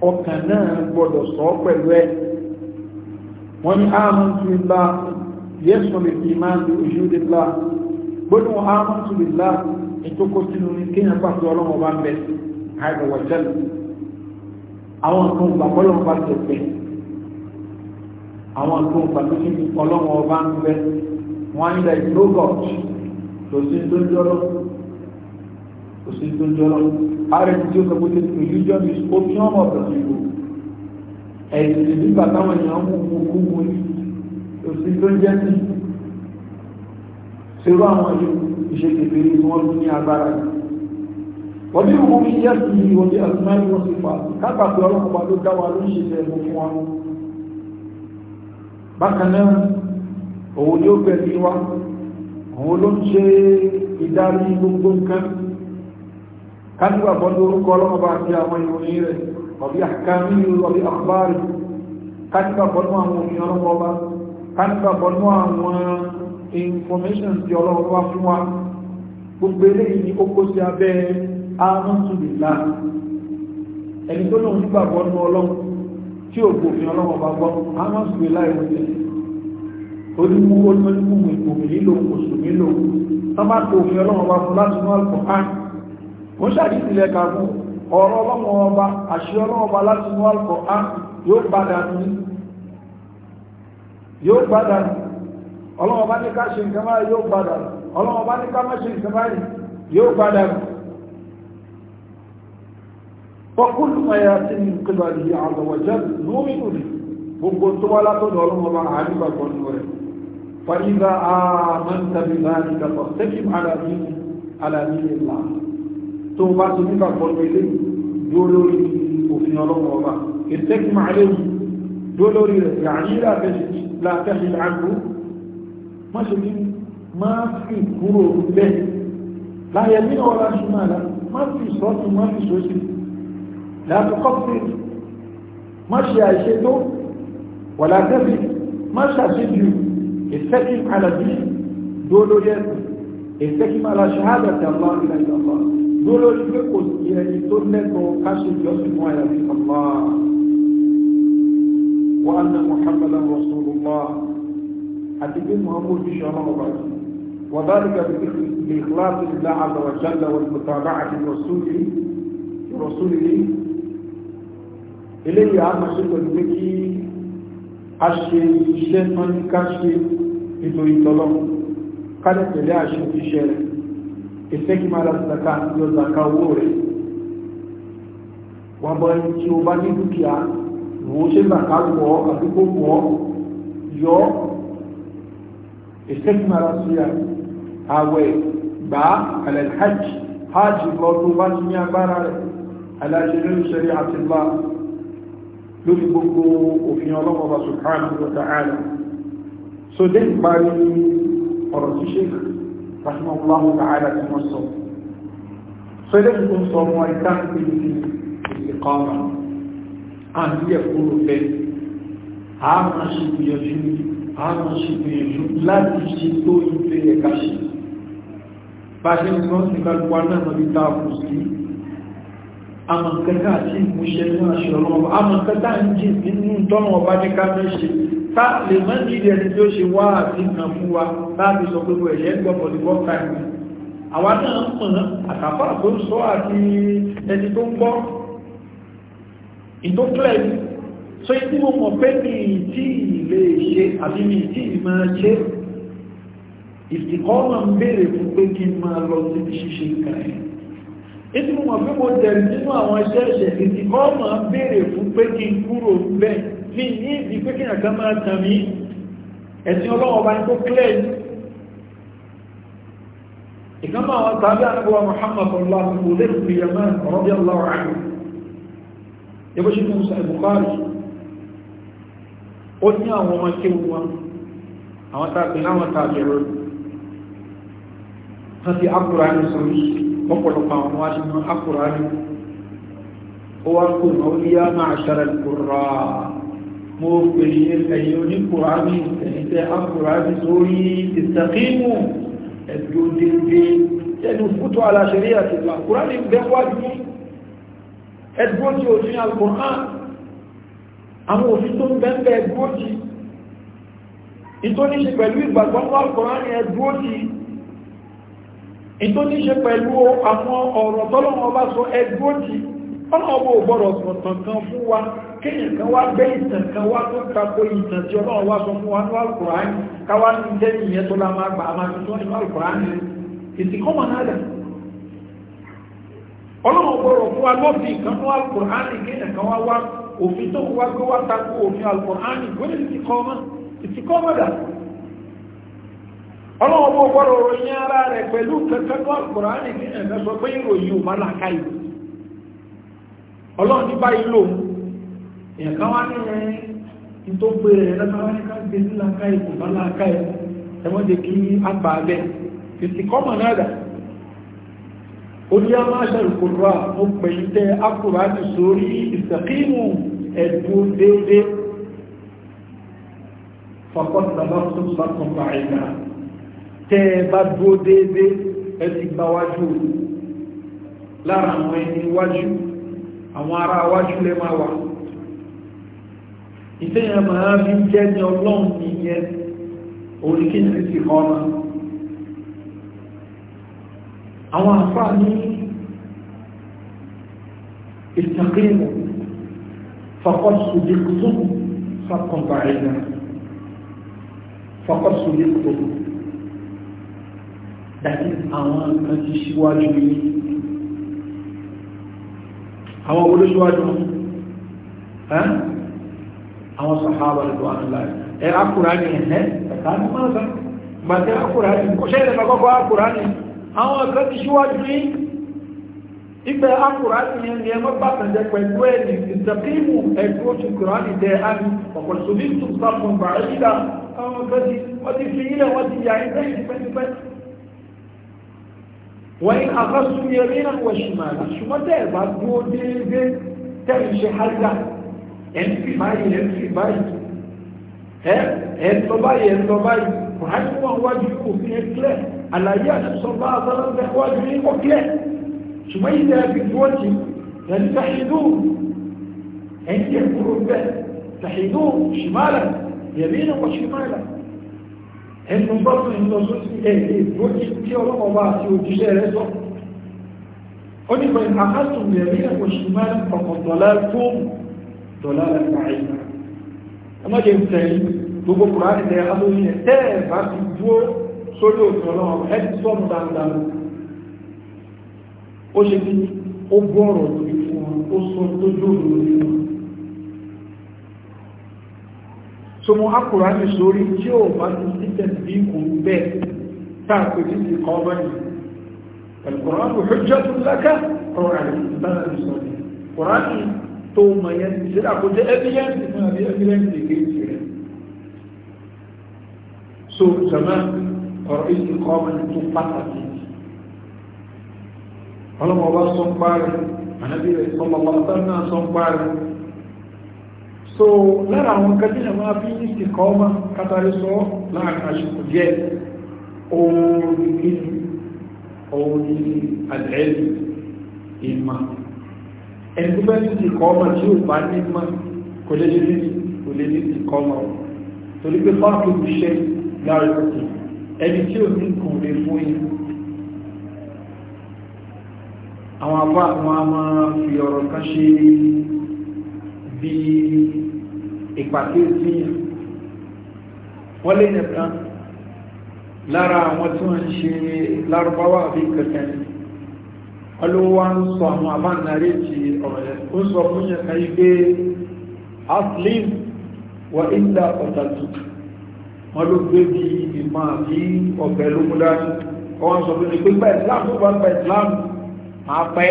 ọkàn náà gbọ́dọ̀ sọ pẹ̀lú ẹ wọ́n ni amantu billah yẹ́sùn lè fi máa lè òṣìṣẹ́ lá gbọ́dọ̀ wọn amantu billah ìtókò sínú ní kéèyàn pàtó ọlọ́wọ́ bá ń bẹ̀ àìbọ̀wọ̀ jẹ́lẹ̀ àwọn nǹkan gbàgbọ́lọ́wọ́ bá ti pẹ̀ àwọn tó ń pàtó sí ọlọ́run ọba ń bẹ wọ́n ń lẹ̀ no god kò sí tó jọ́rọ́ kò sí tó jọ́rọ́ rnd tí ó sọ pé religion is opium of the people ẹ̀sìn nígbà táwọn èèyàn mú mú kú mú ní kò sí tó jẹ́ sí ṣerú àwọn ìṣèkèfèrè tí wọ́n lù ní agbára yìí wọ́n ní òun yẹ́ sí ìwọ̀n tí àtúmáyé wọ́n ti fà kápá pé ọlọ́pàá dá wa ló ẹ̀mú fún wa bákan náà òun yóò gbẹ̀mí wa òun ló ń ṣe ìdarí gbogbo nǹkan kánúwà bọ́dú orúkọ ọlọ́mọba àti àwọn ìròyìn rẹ̀ ọ̀bí àkàmí ọ̀bí àkbárì kánúwà bọ́dú àwọn òfin ọlọ́mọba kánúwà bọ́dú àwọn information ti ọlọ́mọba fún wa gbogbo eléyìí ni ó kó sí abẹ́ amọ́tùbìlá ẹni tó lóun nígbàgbọ́ nú ọlọ́run tí òkú òfin ọlọ́wọ́ bá gbọ́ amọ́sùwé láìwé onímú onímú ìgbòmí nílò mùsùlùmí lò tọ́bá tó òfin ọlọ́wọ́ bá fún láti mú wọ́n ṣàdí ọ̀rọ̀ ọlọ́wọ́ ọba àṣẹ ọlọ́wọ́ bá láti mú alkùnrán yóò فكل ما يأتي من قبله عز وجل نؤمن به gbogbo tó wá látọ̀dọ̀ ọlọ́mọba àríwá gbọ́nú rẹ̀ fàyíbá àmọ́ntàbí láàrin ìgbàgbọ́ tẹ́kìm alàmìlì ìlà tó bá tó nígbà gbọ́nú ilé lórí òfin ọlọ́mọba ìtẹ́kìm àléhù lórí rẹ̀ yàní látẹ́sì àgbò má ṣe ní má fi kúrò bẹ́ẹ̀ láyẹ̀ nínú ọlá ṣùgbọ́n má fi sọ́tún má fi لا تقصر يا شيخ ولا تفي ما شيء استقيم على الدين دولو يسر استقم على شهادة الله إلا إلا الله دولو يفقد إلى سنة وقاشي يوسف ويسر الله وأن محمدا رسول الله أتبين في شهر رمضان وذلك بإخلاص الله عز وجل والمتابعة لرسوله رسوله eléyìí a máa ṣe pẹ̀lú pé kí a ṣe iṣẹ́ tán ní ká ṣe nítorí tọ́lọ́ kálẹ̀ tẹ̀lé àṣẹ iṣẹ́ rẹ̀ ìfẹ́ kí máa ra zaka yọ zaka owó rẹ̀ wà bọ́ ẹni tí o bá ní dúkìá wò ó ṣe zaka wọ̀ àdúgbò wọ̀ yọ ìfẹ́ kí máa ra àwẹ̀ gbà alẹ́ hajj hajj lọ́dún bá ti ní agbára rẹ̀ aláṣẹ lórí ṣẹlẹ̀ àti lórí gbogbo òfin ọlọ́mọba subhanahu wa ta'ala so dé ìparí ọ̀rọ̀ tí sheikh rahimahullahu ta'ala tí wọ́n sọ so dé ìpín sọ ọmọ ìta ń pè ní ìkọ́ọ̀rọ̀ àti ẹ̀kúrò àmọ̀kẹta àti ìmúṣẹ ní àṣẹ ọlọ́wọ́ àmọ̀kẹta ń jì nínú tọ́nà ọba ní káfẹ́ṣe tá lè mọ́ nílẹ̀ ẹni tí ó ṣe wá àti ìnà fún wa láti sọ pé ẹ̀yẹ́ ń gbọ́pọ̀ ní so ikú mo mọ̀ pé mi tí lè ṣe àbí mi tí máa ṣe ìsìnkọ́ máa ń béèrè ìdí mo mọ̀ pé mo tẹ̀lé nínú àwọn iṣẹ́ ìṣẹ̀lẹ̀ tí kọ́ máa béèrè fún pé kí n kúrò bẹ́ẹ̀ ní ní ìdí pé kí n àkà máa tàn mí ẹ̀sìn ọlọ́wọ́ bá ń kó clear ìkànnà àwọn tàbí àgbà Muhammad allah kò lè fi yamá rọ́bí ní àwọn ọmọ ọ̀pọ̀lọpọ̀ àwọn wá sínú akùránì ó wá kò náà ó yá máa ṣàrẹ̀ kùrà mo pèsè ẹ̀yìn oníkùránì ẹ̀yìn tẹ́ akùránì sórí ìsàkímù ẹ̀dùn òdèdè ẹnu fútó aláṣẹ́rí àti ìlú akùránì bẹ́wàjú ẹ̀dùn ìtò ní ṣe pẹ̀lú àwọn ọ̀rọ̀ tọ́lọ́wọ́ bá sọ ẹgbó tí ọlọ́wọ́ ògbọ́rọ̀ sọ̀tàn kan fún wa kéèyàn kan wá gbé ìtàn kan wá tó tako ìtàn tí ọlọ́wọ́ wá sọ fún wa ní alkùránì káwá ní tẹ́lì yẹn tó lá máa gbà máa fi tọ́ nínú alkùránì ìtìkọ́mọ̀ náà dà ọlọ́wọ́ ògbọ́rọ̀ fún wa lọ́bì kan ní alkùránì kéèyàn kan wá wá òfin tó ọlọ́wọ́ bó gbọ́rọ̀ ròyìn ara rẹ̀ pẹ̀lú kẹta alkùnránì ní ẹ̀mẹ́ sọ pé ìròyìn ò máa làkà ìlú ọlọ́run ní báyìí lò tó bá a tẹ́ ẹ bá dúró déédéé ẹ ti gba wájú lára àwọn ẹni wájú àwọn ará wájú lè máa wà ìtẹ́yàn máa fi jẹ́ ní ọlọ́run nìyẹn oríkìyàn sì kọ́ ọ́nà àwọn àfáà ní ìtàkìrìmù faqad sudiqtum faqad ba'ida tàbí àwọn nǹkan ti ṣíwájú yìí àwọn olóṣíwájú àwọn sàhábà lọ́wọ́ aláì ẹ akùránì ẹ̀ẹ́ ẹ̀ta ní máa sá gbàtẹ́ akùránì kò ṣẹ́ ìrìnà kọ́kọ́ akùránì àwọn nǹkan ti ṣíwájú yìí ibẹ̀ akùránì yẹn ni ẹmọ́ bá tẹ̀jẹ́ pẹ̀lú ẹ̀ ní ìtàkìmù ẹ̀dúró ti kùránì dẹ̀ ámì ọ̀pọ̀ sòmí tó sáfún bàá yíra àwọn nǹkan ti wọ́n ti fi ilẹ̀ wọ́n ti yà ilẹ̀ ìpẹ́ẹ́pẹ́ẹ́ وإن أخذتم يمينا وشمالا شمال ده برضو دي تمشي حاجة امشي باي امشي باي ها انت باي انت باي وهل هو واجبه في الكلام على ياس صلى الله عليه وسلم ده واجبه شو ما ده في الوجه تنتحدوه انت القرب ده تحدوه شمالا يمينا وشمالا ẹnu gbọ́dọ̀ ìlọ sókè ẹ̀yẹ ìgbókè tí ọlọ́pàá wá àti òjíṣẹ́ rẹ̀ sọ ó ní pẹ̀lú àkásùn ẹ̀rí ẹ̀kọ́ sí máa ń kọ̀kọ̀ dọ̀lá fún dọ̀lá lẹ́pàá ẹ̀yà ọmọdé ń tẹ̀lé gbogbo kùránì tẹ alóyè ẹ̀ tẹ́ ẹ̀ bá ti dúó sórí òfin ọlọ́run ẹ̀ ti sọ́nù dáadáa ó ṣe bí ó gbọ́ ọ̀rọ̀ lórí fún wọn ó sọ so mo sórí tí tí ó bá ti síkẹ̀ bí kò ń bẹ́ táàkù tí ti kọ́ bẹ́ẹ̀ alkùránì hujjatu laka ọ̀rọ̀ àìsàn sọ́ni kùránì tó mọ̀ yẹn ti sílẹ̀ àkójẹ́ evidence fún àbí evidence rẹ̀ so jama ọ̀rọ̀ ìsì kọ́ bẹ́ẹ̀ tó pàtàkì ọlọ́mọba sọ ń parí ànábì rẹ̀ sọ́mọ́ ọlọ́mọba sọ ń parí so lára àwọn kẹtìlẹ̀ máa fi ní ìkọ́ ọmọ kátàrí sọ láàrin àṣìkò díẹ̀ oòrùn nínú oòrùn àlẹ́lì ìmọ̀ ẹgbẹ́ ní ìkọ́ ọmọ tí ó bá ní mọ́ kò lè ní kò lè ní ìkọ́ ọmọ torí pé fáàkì ìṣẹ́ láàrin òkè ẹni tí ò ní kò lè fún yìí àwọn apá àwọn a máa fi ọ̀rọ̀ kan ṣe bíi ìpàkíyèsí yàn wọ́n lè nìkan lára àwọn tí wọ́n ń ṣe lárúbáwá àbí kankan ọlọ́wọ́ ń sọ àwọn àbánarí ti ọ̀rẹ́ ó sọ fún yẹn kan yí pé aslim wa inda ọ̀tàtù wọ́n ló gbé bí ìmọ̀ àbí ọ̀bẹ̀ ló wọ́n sọ fún mi pé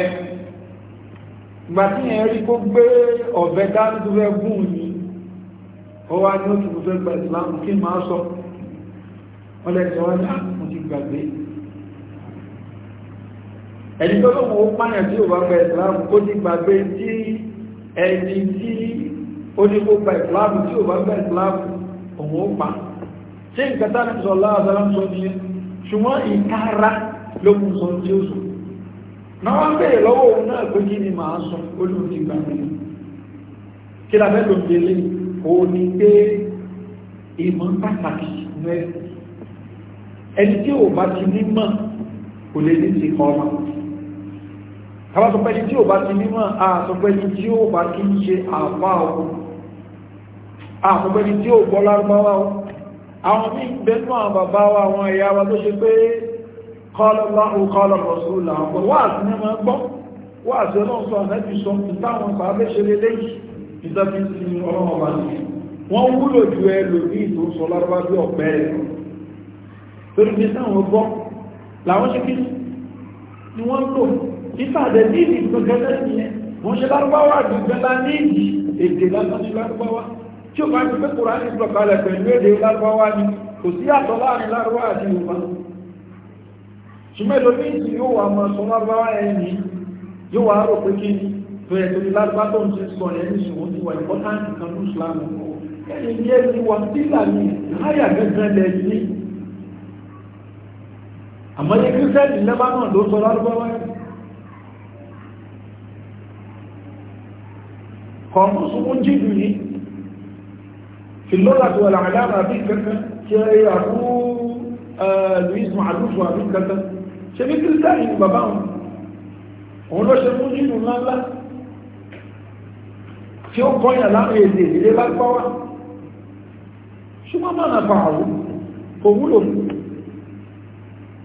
ó wá ní òtù fẹ́ gba ìsìláàmù kí máa sọ wọ́n lẹ́ sọ wọ́n náà ah, mo ti gbàgbé ẹni tó lóun ó pààyàn tí ò bá gba ìsìláàmù ó ti gbàgbé tí ẹni tí ó ní kó gba ìsìláàmù tí ò bá gba ìsìláàmù òun ó pa ṣé nǹkan tá ní sọ láàbára ń sọ ní ṣùgbọ́n ìtara ló mú sọ tí ó sọ náà wọ́n bèèrè lọ́wọ́ òun náà pé kí ni màá sọ ó lóun ti gbàgbé kí la lòun délé yìí òun ni pé ìmọ̀ pàtàkì nínú ẹ̀sìn ẹni tí ò bá ti nímọ̀ kò lè ní ti kọ́ ọmọ kàbá sọ pé ẹni tí ò bá ti nímọ̀ a sọ pé ẹni tí ò bá kí ń ṣe àbá ọkọ a sọ pé ẹni tí ò gbọ́ lárúbáwá o àwọn míì bẹ́ẹ̀ náà bàbá wa àwọn ẹ̀yà wa tó ṣe pé kọ́lọ́lá wọ́n gbọ́ wáàsí sọ ànábì sọ ìtàwọn pàápẹ́ ṣe lélẹ́yìí ìtọ́jú sí ọlọ́wọ́ bá ní wọ́n wúlò ju ẹlò ní ìtò sọ lárúbá bí ọ̀pẹ́ rẹ̀ torí pé táwọn gbọ́ làwọn ṣe kí ni wọ́n lò nípa àdẹ̀dí ìlú gẹ́gẹ́ nìyẹn wọ́n ṣe lárúbáwá àdùgbẹ́ lá ní ìdí èdè lásán ní lárúbáwá tí ó bá ti pé kòrán ní ìgbọ̀kalẹ̀ pẹ̀lú èdè lárúbáwá ni kò sí àtọ̀ láàrin lárúbá àti yorùbá ṣùgbọ́n ìlú ní ìsìn yóò wà mọ̀ sọ lárúbáwá ẹni yóò wà rò pé kí ni tó yẹ torí lágbá tó ń ti sọ yẹn ní ṣòwò ti wà ìpọ́táǹtì kan ní ìsìlámù ẹni ní ẹni wà sílà ní láyà gẹ́gẹ́ lẹ ní àmọ́ ní kírísẹ́ẹ̀lì lẹ́bá náà ló sọ lárúbáwá yìí kọ̀ọ̀mù sọ́kún jíjù yìí fìlọ́lá tó wà láàrín àbí kankan tí ẹ yà kú Luis Ma'adufu àbí kankan ṣe ní kírísẹ́ẹ̀lì ni bàbá wọn òun ló ṣe mú jíjù ńláńlá tí ó kọ́yàn láwọn èdè ìdílé lágbọ́wá ṣùgbọ́n náà nàfà àwọn kò wúlò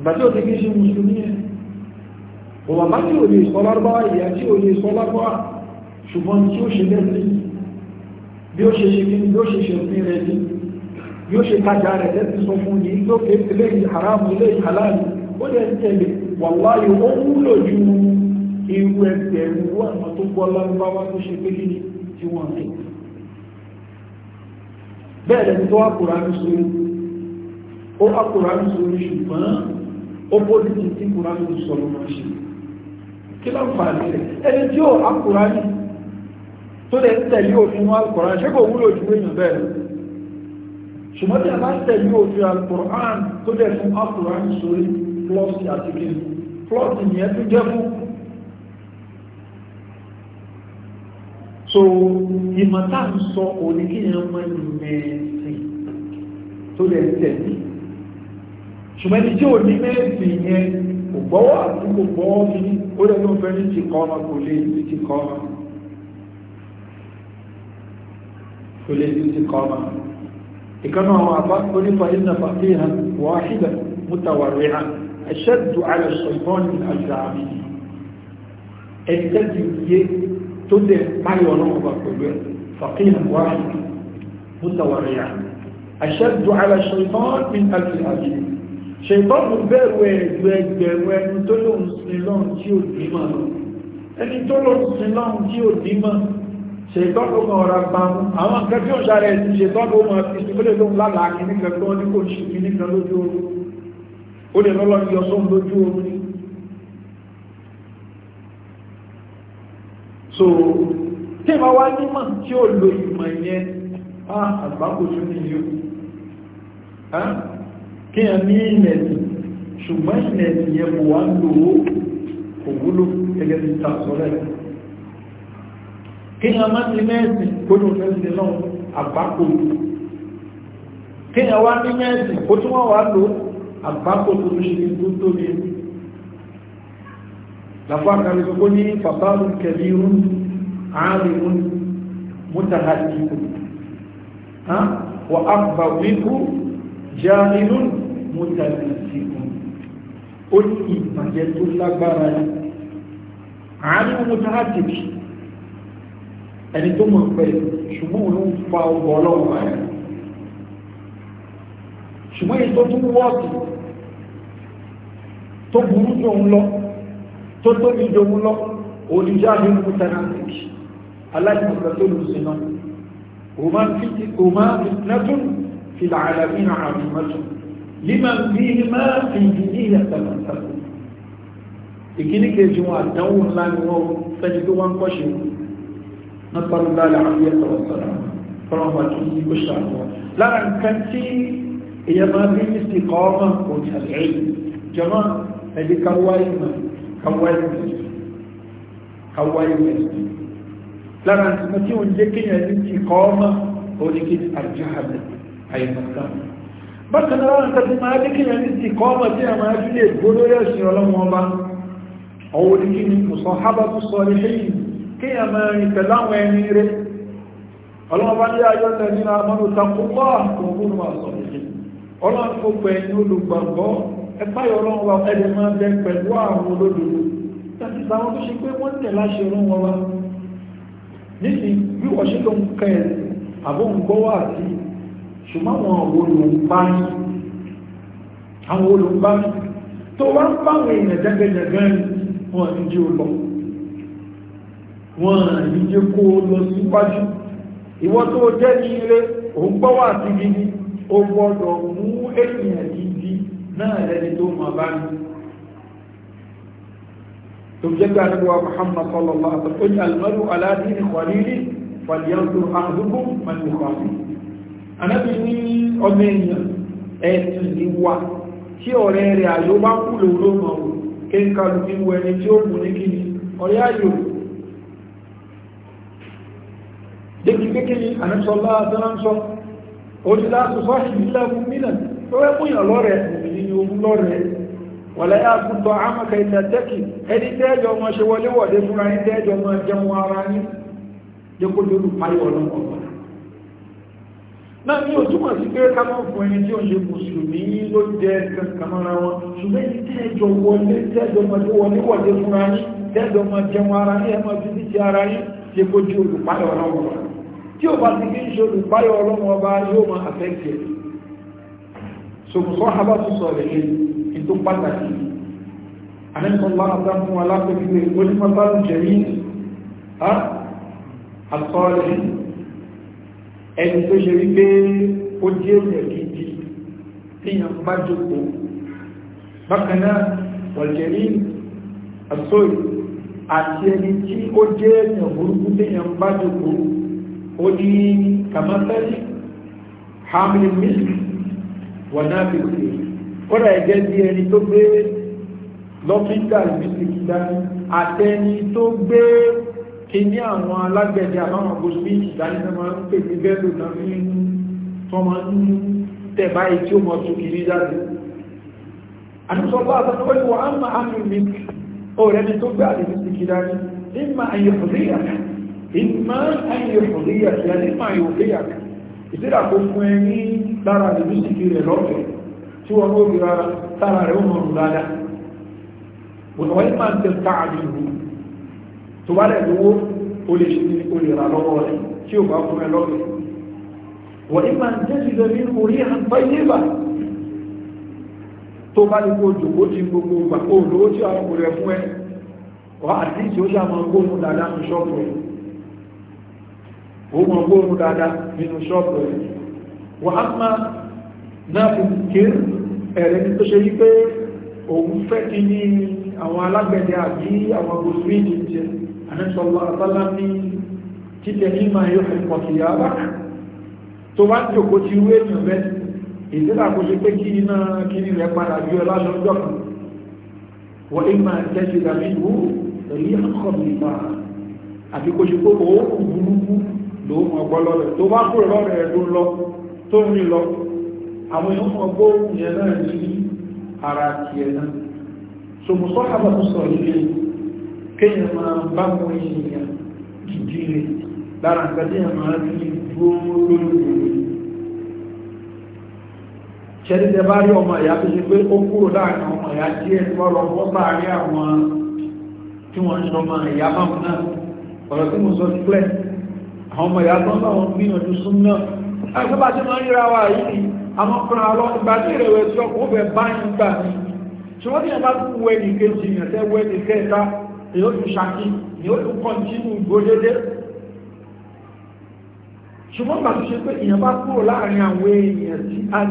bàtí ò ti kí ṣe mùsùlùmí ẹ̀ òwà bá tí ò lè sọ lárúbáwá ìyá tí ò lè sọ lárúbáwá ṣùgbọ́n tí ó ṣe lẹ́sí bí ó ṣe ṣe kí bí ó ṣe ṣe òfin rẹ̀ sí bí ó ṣe tajà rẹ̀ lẹ́sí sọ fún ní ló ké ilé ìhàrámù ilé ìhàláàlú ó lè tẹ̀lé wàláyé ó wúlò ju irú ẹgbẹ̀rún wà tó gbọ́ lárúbáwá tó ṣe pé kí ni tí wọ́n ń rìn bẹ́ẹ̀ lẹ́ni tó akùránì sórí ó akùránì sórí ṣùgbọ́n ó bóni ti tí kùránì sọ̀rọ̀ máa ṣe kí ló ń fa àlẹ́ rẹ̀ ẹni tí ó akùránì tó lè tẹ̀lé òfin wọn alkùránì ṣé kò wúlò ju èèyàn bẹ́ẹ̀ lọ ṣùgbọ́n tí a bá tẹ̀lé òfin alkùránì tó lè fún akùránì sórí plọ́ọ̀sì àti kí plọ́ọ̀sì yẹn tó jẹ́ fún so ìmọ̀tá ń sọ oníkíyàn mọ́ mẹ́ẹ̀sì tó lẹ̀ tẹ̀lé ṣùgbọ́n tí ò ní mẹ́ẹ̀sì yẹn kò gbọ́wọ́ àti kò gbọ́wọ́ ní ó lẹ́ tó fẹ́ ní ti kọ́ ọmọ kò lè ní ti kọ́ ọmọ kò lè ní ti kọ́ ọmọ ìkànnà àwọn àbá onífà ìnà fàfihà wàhídà mutawarriha ashaddu ala shaytan al-azami ẹ̀tẹ́jú yé tó dẹ̀ páyọ̀ náà wà pẹ̀lú ẹ̀ fàkíyàn wá mútàwàríyà àṣẹ́dù ara ṣetán ní àfihàjì ṣetán mú bẹ̀rù ẹgbẹ̀gbẹ̀rù ẹni tó lóun sin lọ́n tí ò dímọ̀ ẹni tó lóun sin lọ́n tí ò dímọ̀ ṣetán ló mọ̀ ọ̀rọ̀ bá mú àwọn nǹkan tí ó ṣàrẹ̀ sí ṣetán mọ̀ ìṣúgbélé so tí ma wá nímọ̀ tí ó lo ìmọ̀ yẹn àgbákojú ní yóò kí a ní ìnẹ̀tì ṣùgbọ́n ìnẹ̀tì yẹn kò wá lò ó kò wúlò gẹ́gẹ́ bí tàṣọ́lẹ̀ kí a má ti mẹ́ẹ̀sì kódò fẹ́sì náà àgbákojú kí a wá ní mẹ́ẹ̀sì kó tún wá wá lò àgbákojú ní ṣe tó tóbi làpá kan tó kó ní fàtàlù kẹbírún ààrùn mútàhàtìkù wà ápàwíkú jáàrínún mútàhàtìkù ó ní ìbàjẹ́ tó lágbára ní ààrùn mútàhàtìkù ẹni tó mọ̀ pẹ̀ ṣùgbọ́n ló fa ọgbọ̀ ọlọ́wọ́ rẹ̀ ṣùgbọ́n èyí wọ́ọ̀tì tó burú tó ń lọ tó tóbi jòun lọ olùjáde mú tẹnantik aláìmọ̀kà tó lù sí náà òmá fitnatun fil alamina azimatun liman fihi ma fi dìní yàtàmàtàkùn ìkíní kejì wọn àdánwò ńlá ni wọn fẹ́ni tó wọ́n kọ́ṣe nípasẹ̀ àlàáfíà tọ̀wọ̀tọ̀rọ̀ fọ́nàmà kí ó ṣàánú lára nǹkan tí èyàn máa bí ní sí kọ́ ọmọ òní àlẹ́ jọmọ́ ẹ̀dí káwáyé náà káwáyé west káwáyé west lára nǹkan tí òun jẹ́ kéèyàn ní ti kọ́ ọmọ oríkì àjáhàbẹ àyẹ̀mọ̀ká bákan náà nǹkan tí máa jẹ́ kéèyàn ní ti kọ́ ọmọ tí a máa fi lè gbóló yẹ sí ọlọ́wọ́n ọba ọwọ́ oríkì ní kùsọ̀ hábà tó sọ ní ṣéyìn kéèyàn máa rìn pẹ̀lú àwọn ẹni rẹ̀ ọlọ́wọ́n bá ní ayọ́ tẹ̀lé ní amọ́nù takùnkọ́ àkókò ọlọ́run kó pẹ̀lú olùgbàgbọ́ ẹgbáyọ̀ ọlọ́run wa ẹ̀dẹ̀ máa bẹ pẹ̀lú àwọn olódodo láti sàwọn tó ṣe pé wọ́n tẹ̀ láṣẹ ọlọ́run wa nísìn bí wọ́n ṣe ló ń kẹ́ ẹ̀ àbó ń gbọ́ wà sí ṣùgbọ́n àwọn olùgbà ní àwọn olùgbà ní tó wá ń bá àwọn èèyàn jẹ́gẹ́jẹ́gẹ́ wọn ní jẹ́ olọ́ wọn ní jẹ́ kó lọ síwájú ìwọ́n tó jẹ́ ní ilé òun gbọ́ wà sí gidi ó gbọ́dọ̀ mú èèyàn náà lẹ́ni tó mọ̀ bá ní tó jẹ́ gbà nígbà Muhammad sallallahu alaihi wasallam ó ní almaru ala dini khalili falyanzur ahadukum man yukhali anábi ní ọmọ èèyàn ẹ̀sìn ìwà tí ọ̀rẹ́ rẹ̀ àyó bá kú lòró mọ̀ kéńkàlù ní wẹni tí ó mú ní kíni ọ̀rẹ́ àyò débi kékeré àníṣọ́lá mílẹ̀ tó rẹ́ fún ìyàn lọ́rẹ̀ òun lọ́rẹ̀ wọ̀lẹ́ àkútọ̀ àmàkà ìtàtẹ́kì ẹni tẹ́ẹ̀jọ wọn ṣe wọlé wọ̀dé fúnra ní tẹ́ẹ̀jọ wọn jẹun ara ní jẹ́kó lórí páyọ̀ ọlọ́pọ̀ náà ní òtúmọ̀ sí pé ká máa fún ẹni tí ó ń ṣe mùsùlùmí ló jẹ́ kankanmọ́ra wọn ṣùgbẹ́ ní tẹ́ẹ̀jọ wọlé tẹ́ẹ̀jọ máa jẹ́ wọlé wọ̀dé fúnra ní tẹ́ẹ̀jọ máa bá ti kí ń ṣe olùpáyọ̀ ọlọ́wọ́ yóò máa àfẹ́kẹ̀ẹ́ sọ̀kùsọ́ àbá tó sọ rẹ̀ ṣe kí tó pàtàkì anẹ́sọ̀lá àtàkùn alákòókè onímọ̀tà jẹ̀rí àtọ́rẹ̀ ẹni tó ṣe wípé ó jẹ́ èèyàn gidi tíyàn bá jókòó bákanáà wọ̀lẹ̀rí àtọ́rẹ̀ àti ẹni tí ó jẹ́ èèyàn burúkú tíyàn bá wà náà fi pè é kọ́dà ẹ̀jẹ̀ bí ẹni tó gbé lọ́fíńdà ìbísíkì dání àtẹni tó gbé kíní àwọn alágbẹ̀dẹ àbáwọn gbòsíìsì dání náà máa ń pè ní bẹ́ẹ̀lù náà fi ń tọ́ máa ń tẹ̀ báyìí tí ó mọ̀ tó kiri jáde àtúnṣọ́gbọ́ àtàkọ́lù wà á máa hàmì mi ọ̀rẹ́ ni tó gbé àdìsí ti kìdá ní ìmá ayòfòríyàká ìdíra kó fún ẹ ní lára ìlú síkì rẹ̀ lọ́fẹ̀ẹ́ tí wọ́n ó gbìra tára rẹ̀ ó mọ̀ rù dáadáa òṣùwọ́n yìí máa ń tẹ káàdì ìlú tó bá rẹ̀ lówó ó lè ṣe ó lè rà lọ́wọ́ rẹ̀ tí ò bá fún ẹ lọ́fẹ̀ẹ́ wọ́n yìí máa ń tẹ́ sí lẹ́bí orí àpá ilé tó bá lè kó jòkó ti gbogbo gbà ó lówó tí àwọn ọmọ rẹ̀ fún ẹ wọ́n àti ìṣòṣà máa gbóhùn dáadáa ní ṣọ́ọ̀fù ó mọ gbóòrùn dáadáa nínú ṣọ́ọ̀pù rẹ̀ wà á máa náà fi kéèrè ẹ̀rẹ́ ní tó ṣe yí pé òun fẹ́ kí ní àwọn alágbẹ̀dẹ àbí àwọn gòsìmìnì jẹ àníṣọ́lọ́ àtàlá ní títẹ̀ ní ma yóò fi pọ̀ sí yàrá tó bá jòkó ti ṣe kó ṣe burúkú ló mọ̀ gbọ́ lọ́rẹ̀ tó bá kúrò lọ́rẹ̀ ló lọ tó rí lọ àwọn èèyàn mọ̀ gbọ́ yẹn náà ní ara ti ẹ̀ náà so mo sọ àbá tó sọ ilé kéèyàn máa bá mọ èèyàn gidi rẹ̀ lára nǹkan tí èèyàn máa rí dúró lórí òun ṣẹ́dídẹ bá rí ọmọ ìyá tó ṣe pé ń ṣọmọ ìyá máa náà ọ̀rọ̀ tí mo sọ sílẹ̀ àwọn ọmọ ìyàtọ̀ náà wọ́n gbìyànjú súnmọ́ ẹgbẹ́ bá ti máa ń yíra wa yìí àwọn ọkùnrin àlọ́ ìgbà tí ìrẹ̀wẹ̀ tí ọkùnrin bẹ̀ bá ń gbà ní ṣùgbọ́n tí ìyàbá tún wẹ ní kejì ìyàtẹ́ wẹ ní kẹta ni ó tún ṣakí ni ó tún kọ́ntínú gbódédé ṣùgbọ́n bá ti ṣe pé èèyàn bá kúrò láàrin àwọn èèyàn tí a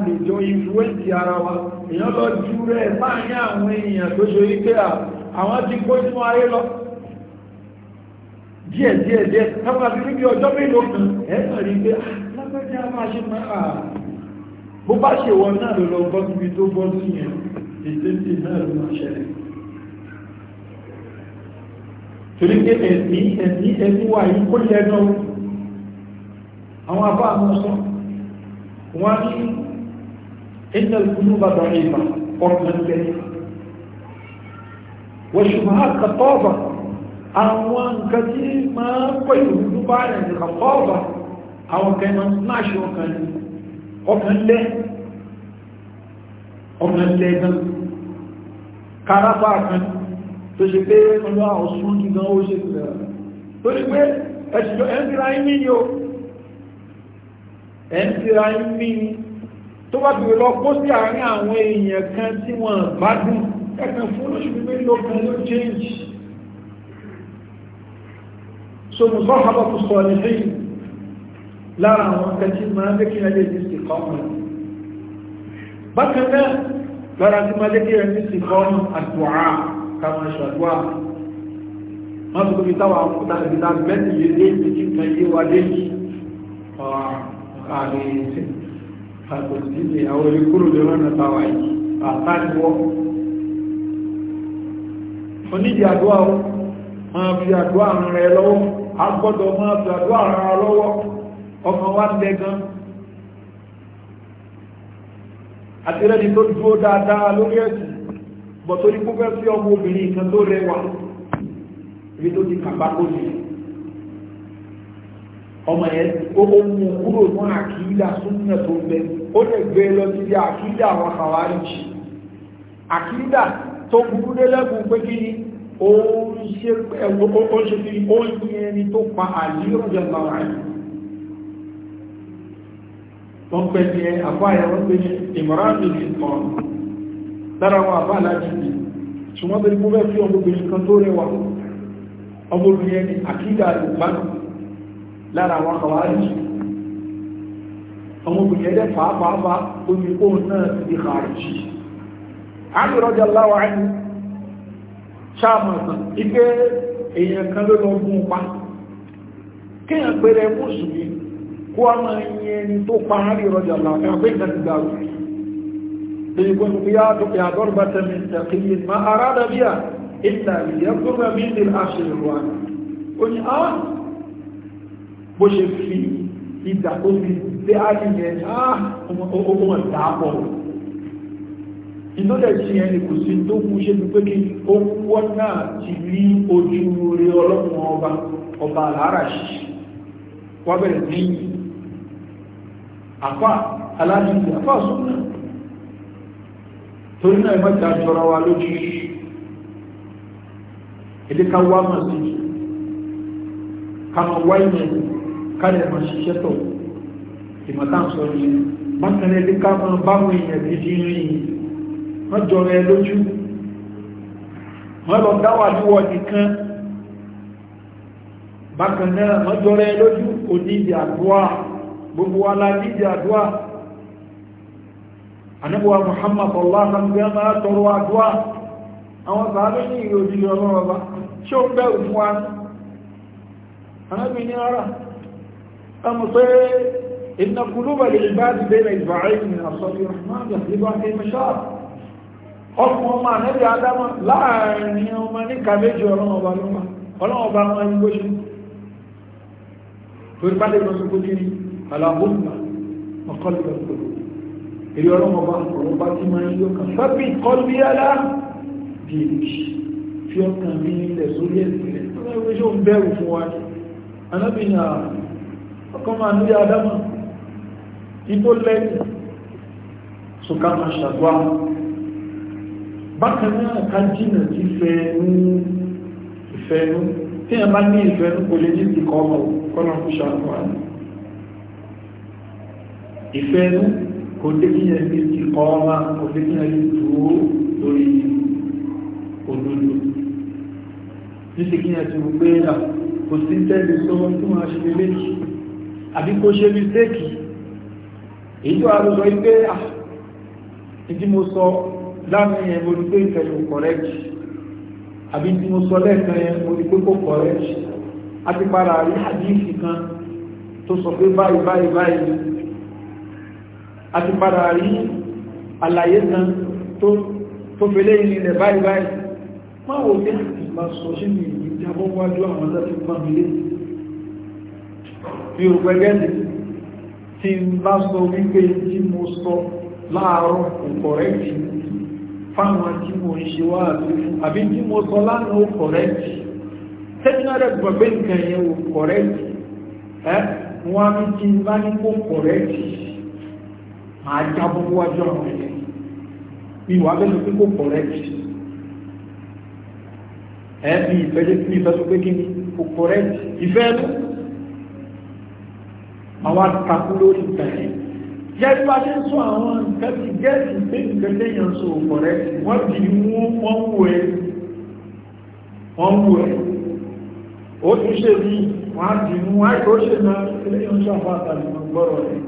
àwọn ti kó inú ayé lọ díẹ̀ díẹ̀ díẹ̀ tábà bí níbi ọjọ́ mélòó kan ẹ̀ẹ́sàn rí pé ah, lágbẹ́jẹ́ a máa ṣe máa ah. bó bá ṣe wọn náà ló lọ bọ́ síbi tó bọ́ sí yẹn ìdíje náà ló máa ṣẹlẹ̀ torí pé ẹ̀mí ẹ̀mí ẹ̀mí wà yìí kó lẹ́ náà àwọn abá àwọn sọ wọn ní ẹ̀jẹ̀ kúrú bàbá ìbà ọkàn tẹ wọ́n ṣùgbọ́n àkàtọ́ ọ̀bà àwọn nǹkan tí máa pọ̀ ìrúdú bá rẹ̀ ní ọ̀pọ̀ọ̀bà àwọn kan máa smash ọkàn ní ọkàn lẹ́ ọkàn lẹ́ gan kárápá kan tó ṣe pé ọlọ́ àwọn sún kí gan ó ṣe rẹ̀ tó ṣe pé ẹ̀ṣìjọ ẹ̀ńtìrá ìmí ni ó ẹ̀ńtìrá ìmí ni tó bá bèèrè lọ kó sí àárín àwọn èèyàn kan tí wọ́n bá dùn ẹ̀kan fún lóṣù pípé lókan ló change so musahabatu salihin lára àwọn kẹtí máa lékí ẹlẹ́ istiqama bákan náà lára tí máa lékí ẹlẹ́ istiqama àdúà kàmà ṣàdúà wọ́n tó kóbi táwà àwọn òkúta ìgbìta bẹ́ẹ̀ni yé dé ìdíjì kan yé wa dé yìí ààrẹ ìsìn àtòsí ni àwọn olùkúrò lè rán àtàwà yìí àtàkùwọ́ onídìí àdúà wọn fi àdúà rẹ lọ́wọ́ a gbọ́dọ̀ máa gbàdú ara lọ́wọ́ ọmọ wa ń bẹ gan àti rẹ́ni tó dúró dáadáa lórí ẹ̀sìn bọ̀ tó ní púpẹ́ sí ọmọ obìnrin kan tó rẹwà ibi tó ti kàbá lórí ọmọ yẹn ó mú kúrò ní àkídà súnmọ́ tó ń bẹ ó lè gbé e lọ sí àkídà àwọn àwárí àkídà tó burú dé lẹ́kùn pé kí ni ó ń ṣe fi ó ń yẹ ẹni tó pa àlíròjọ lára rẹ̀ wọ́n pẹ̀ ní ẹ àbáyà wọ́n pẹ̀ ní ìmọ̀ránì ìtàn lára wọn àbá aláàjì ní ṣùgbọ́n tó ní mú bẹ́ fi ọmọbìnrin kan tó rẹwà ọmọbìnrin ẹni àkídà ìgbàlù lára wọn kàwárí ọmọbìnrin ẹ̀dẹ́ fàáfàáfà ṣáàmù ike èèyàn kan ló lọ gún pa kéèyàn péré mùsùlùmí kó a máa yin ẹni tó pa á rí ọjà là ẹ pé ìtàn ti dàrú èyí kò ní yá tó kí àdọ́rù bá tẹ̀lé ìtàkìyè má ara dàbí à ìtà ìyá tó rẹ̀ mí ní àṣẹ ìwà ó ní á bó ṣe fi ìdà tó fi dé á yìí yẹn á ó mọ̀ dáàbọ̀ ìlọ́dẹ̀ tí ẹni kò sí tó mú ṣe pípé kí ó wọ́n náà ti rí ojú rí ọlọ́pùn ọba ọba alára ṣíṣe wọ́n bẹ̀rẹ̀ ní àpá aláàdìsí àpá súnmọ́ torí náà mẹ́ta jọra wa lójú ìdíká wá mọ̀ sí wọ́n jọrọ ẹ lójú wọ́n lọ dáwà lúwọ́ nìkan bákan náà jọrọ ẹ lójú kò ní ìdí àdúwà gbogbo wa la ní ìdí àdúwà anábọ̀wà Muhammad allah alhamdulillah máa tọrọ àdúwà àwọn sàábẹ́ ní ìrò òjìlẹ̀ ọlọ́rọ̀ bá ṣe ara ọkùn ọmọ ànẹ́bí adámọ́ láàrin ọmọ ní kàméjì ọlọ́ọ̀bá lọ́mà ọlọ́ọ̀bá wọn ní bó ṣe torí pàdé lọ sókó kiri alábòmà ọkọlùkọ gbogbo èrè ọlọ́ọ̀bá ọlọ́ọ̀bá tí máa ń yọ kan fábí kọlùbí alá dìrì fi ọkàn mi ilẹ̀ sórí ẹ̀sìn rẹ̀ tó bákan náà ká jìnà sí fẹ́ẹ̀nú ìfẹ́ẹ̀nú tí ẹ bá ní ìfẹ́ẹ̀nú kò lè jìtì kọ́ ọmọ kọ́nà fún ṣàkóhánì ìfẹ́ẹ̀nú kò lè kí ẹ lè jì kọ́ ọmọ kò lè kí ẹ lè dúró lórí òdodo títí kí ẹ ti rú pé à kò sí tẹ́lẹ̀ tó wọ́n tó máa ṣe lélẹ́kì àbí kó ṣe mistake èyí tó a lọ sọ pé à ìdí mo sọ láàrin yẹn mo rí pé ìfẹ́ yóò kọ̀rẹ́jì àbí tí mo sọ lẹ́ẹ̀kan yẹn mo rí pé kò kọ̀rẹ́jì a ti para rí àdífì kan tó sọ pé báyìí báyìí báyìí a ti para rí àlàyé kan tó fẹ́lẹ́ ìrìn ilẹ̀ báyìí báyìí máa wò pé ìgbà sọ sí mi ìjábọ̀ wájú àwọn ọ̀dọ́ ti pọ́n mi lé mi ò pẹ́gẹ́lì tí n bá sọ wípé tí mo sọ láàárọ̀ kò kọ̀rẹ́jì fáwọn tí mo ń ṣe wá àbí tí mo sọ lánàá ó kọ̀rẹ́tì tẹ́jìnà rẹ̀ gbọ̀gbé nǹkan yẹn ó kọ̀rẹ́tì ẹ́ wọ́n á ní kí n bá ní kó kọ̀rẹ́tì máa jábọ́ wájú àwọn ẹ̀yẹ mi wà bẹ́ẹ̀ lọ pé kó kọ̀rẹ́tì ẹ́ mi ìfẹ́ lé mi ìfẹ́ tó pé kí ni kó kọ̀rẹ́tì ìfẹ́ lọ máa wá takú lórí nǹkan yẹn yẹ́rí bá ṣe ń sọ àwọn nǹkan ti gẹ́ẹ̀sì pé nǹkan léyàn so ọ̀rẹ́ wọ́n ti mú wọ́n wò ẹ́ wọ́n wò ẹ́ ó tún ṣe bí wọ́n ti mú àìkó ṣe náà léyàn sọ àwọn àtàlùmọ̀ gbọ́rọ̀ rẹ̀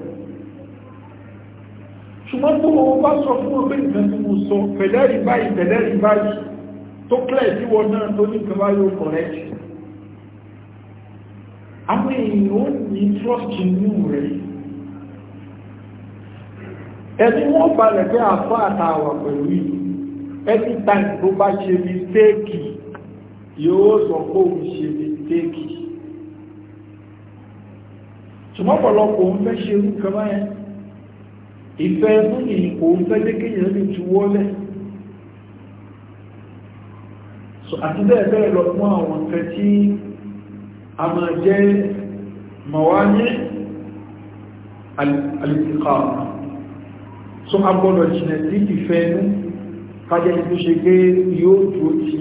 ṣùgbọ́n tó wọ́n bá sọ fún ọgbẹ́ nǹkan tí mo sọ pẹ̀lẹ́rì báyìí pẹ̀lẹ́rì báyìí tó kílẹ̀ sí wọn náà tó ní nǹkan bá yóò kọ̀rẹ́ jù àwọn èèyàn ò ní trust inú rẹ̀ yìí ẹni wọ́n balẹ̀ pé àfọ́ àtàwà pẹ̀lú yìí ẹni táìmù tó bá ṣe mistéèkì yóò sọ pé òun ṣe mistéèkì ṣùgbọ́n pọ̀lọpọ̀ òun fẹ́ ṣe irú kan báyẹn ìfẹ́ ẹnu ni òun fẹ́ dé kéèyàn lè tu wọ́lẹ̀ àti bẹ́ẹ̀ bẹ́ẹ̀ lọ fún àwọn nǹkan tí a máa jẹ́ mọ̀wá ní alìsíkà ọ̀nà so a gbọ́dọ̀ jìnà sí ìfẹ́ ẹnu kájẹ́ tó ṣe pé yóò dúró ti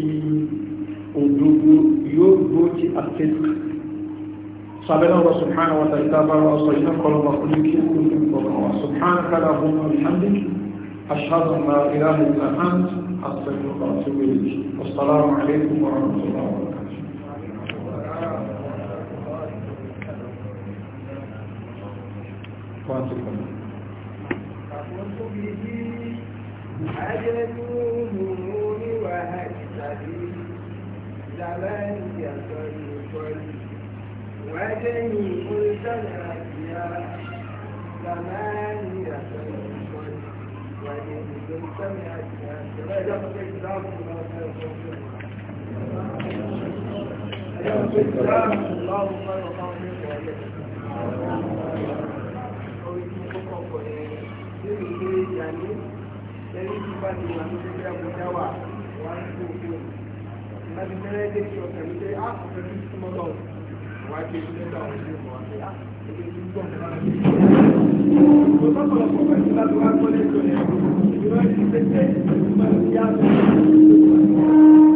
òdòdó yóò dúró ti àtẹ́kù سبحان الله سبحانه وتعالى بارك وصينا كل ما قلت لكم سبحانك اللهم وبحمدك أشهد أن لا إله إلا أنت أستغفرك وأتوب إليك والسلام عليكم ورحمة الله وبركاته وأنتم وكتبه عجل الأمور وهكذا ذلك طريق وجميع التنافيا ثمانية طريق Thank you. lórí ilé ìjàlé lẹ́yìn tí bá ti wà ní ilé àbújá wà wà ní gbogbo láti bẹ̀rẹ̀ dé sí ọ̀sẹ̀ wípé á ọ̀sẹ̀ ní súnmọ́ lọ wà á gbé ìjọba àwọn ilé ìwọ̀n ìjọba ti tẹ́tẹ́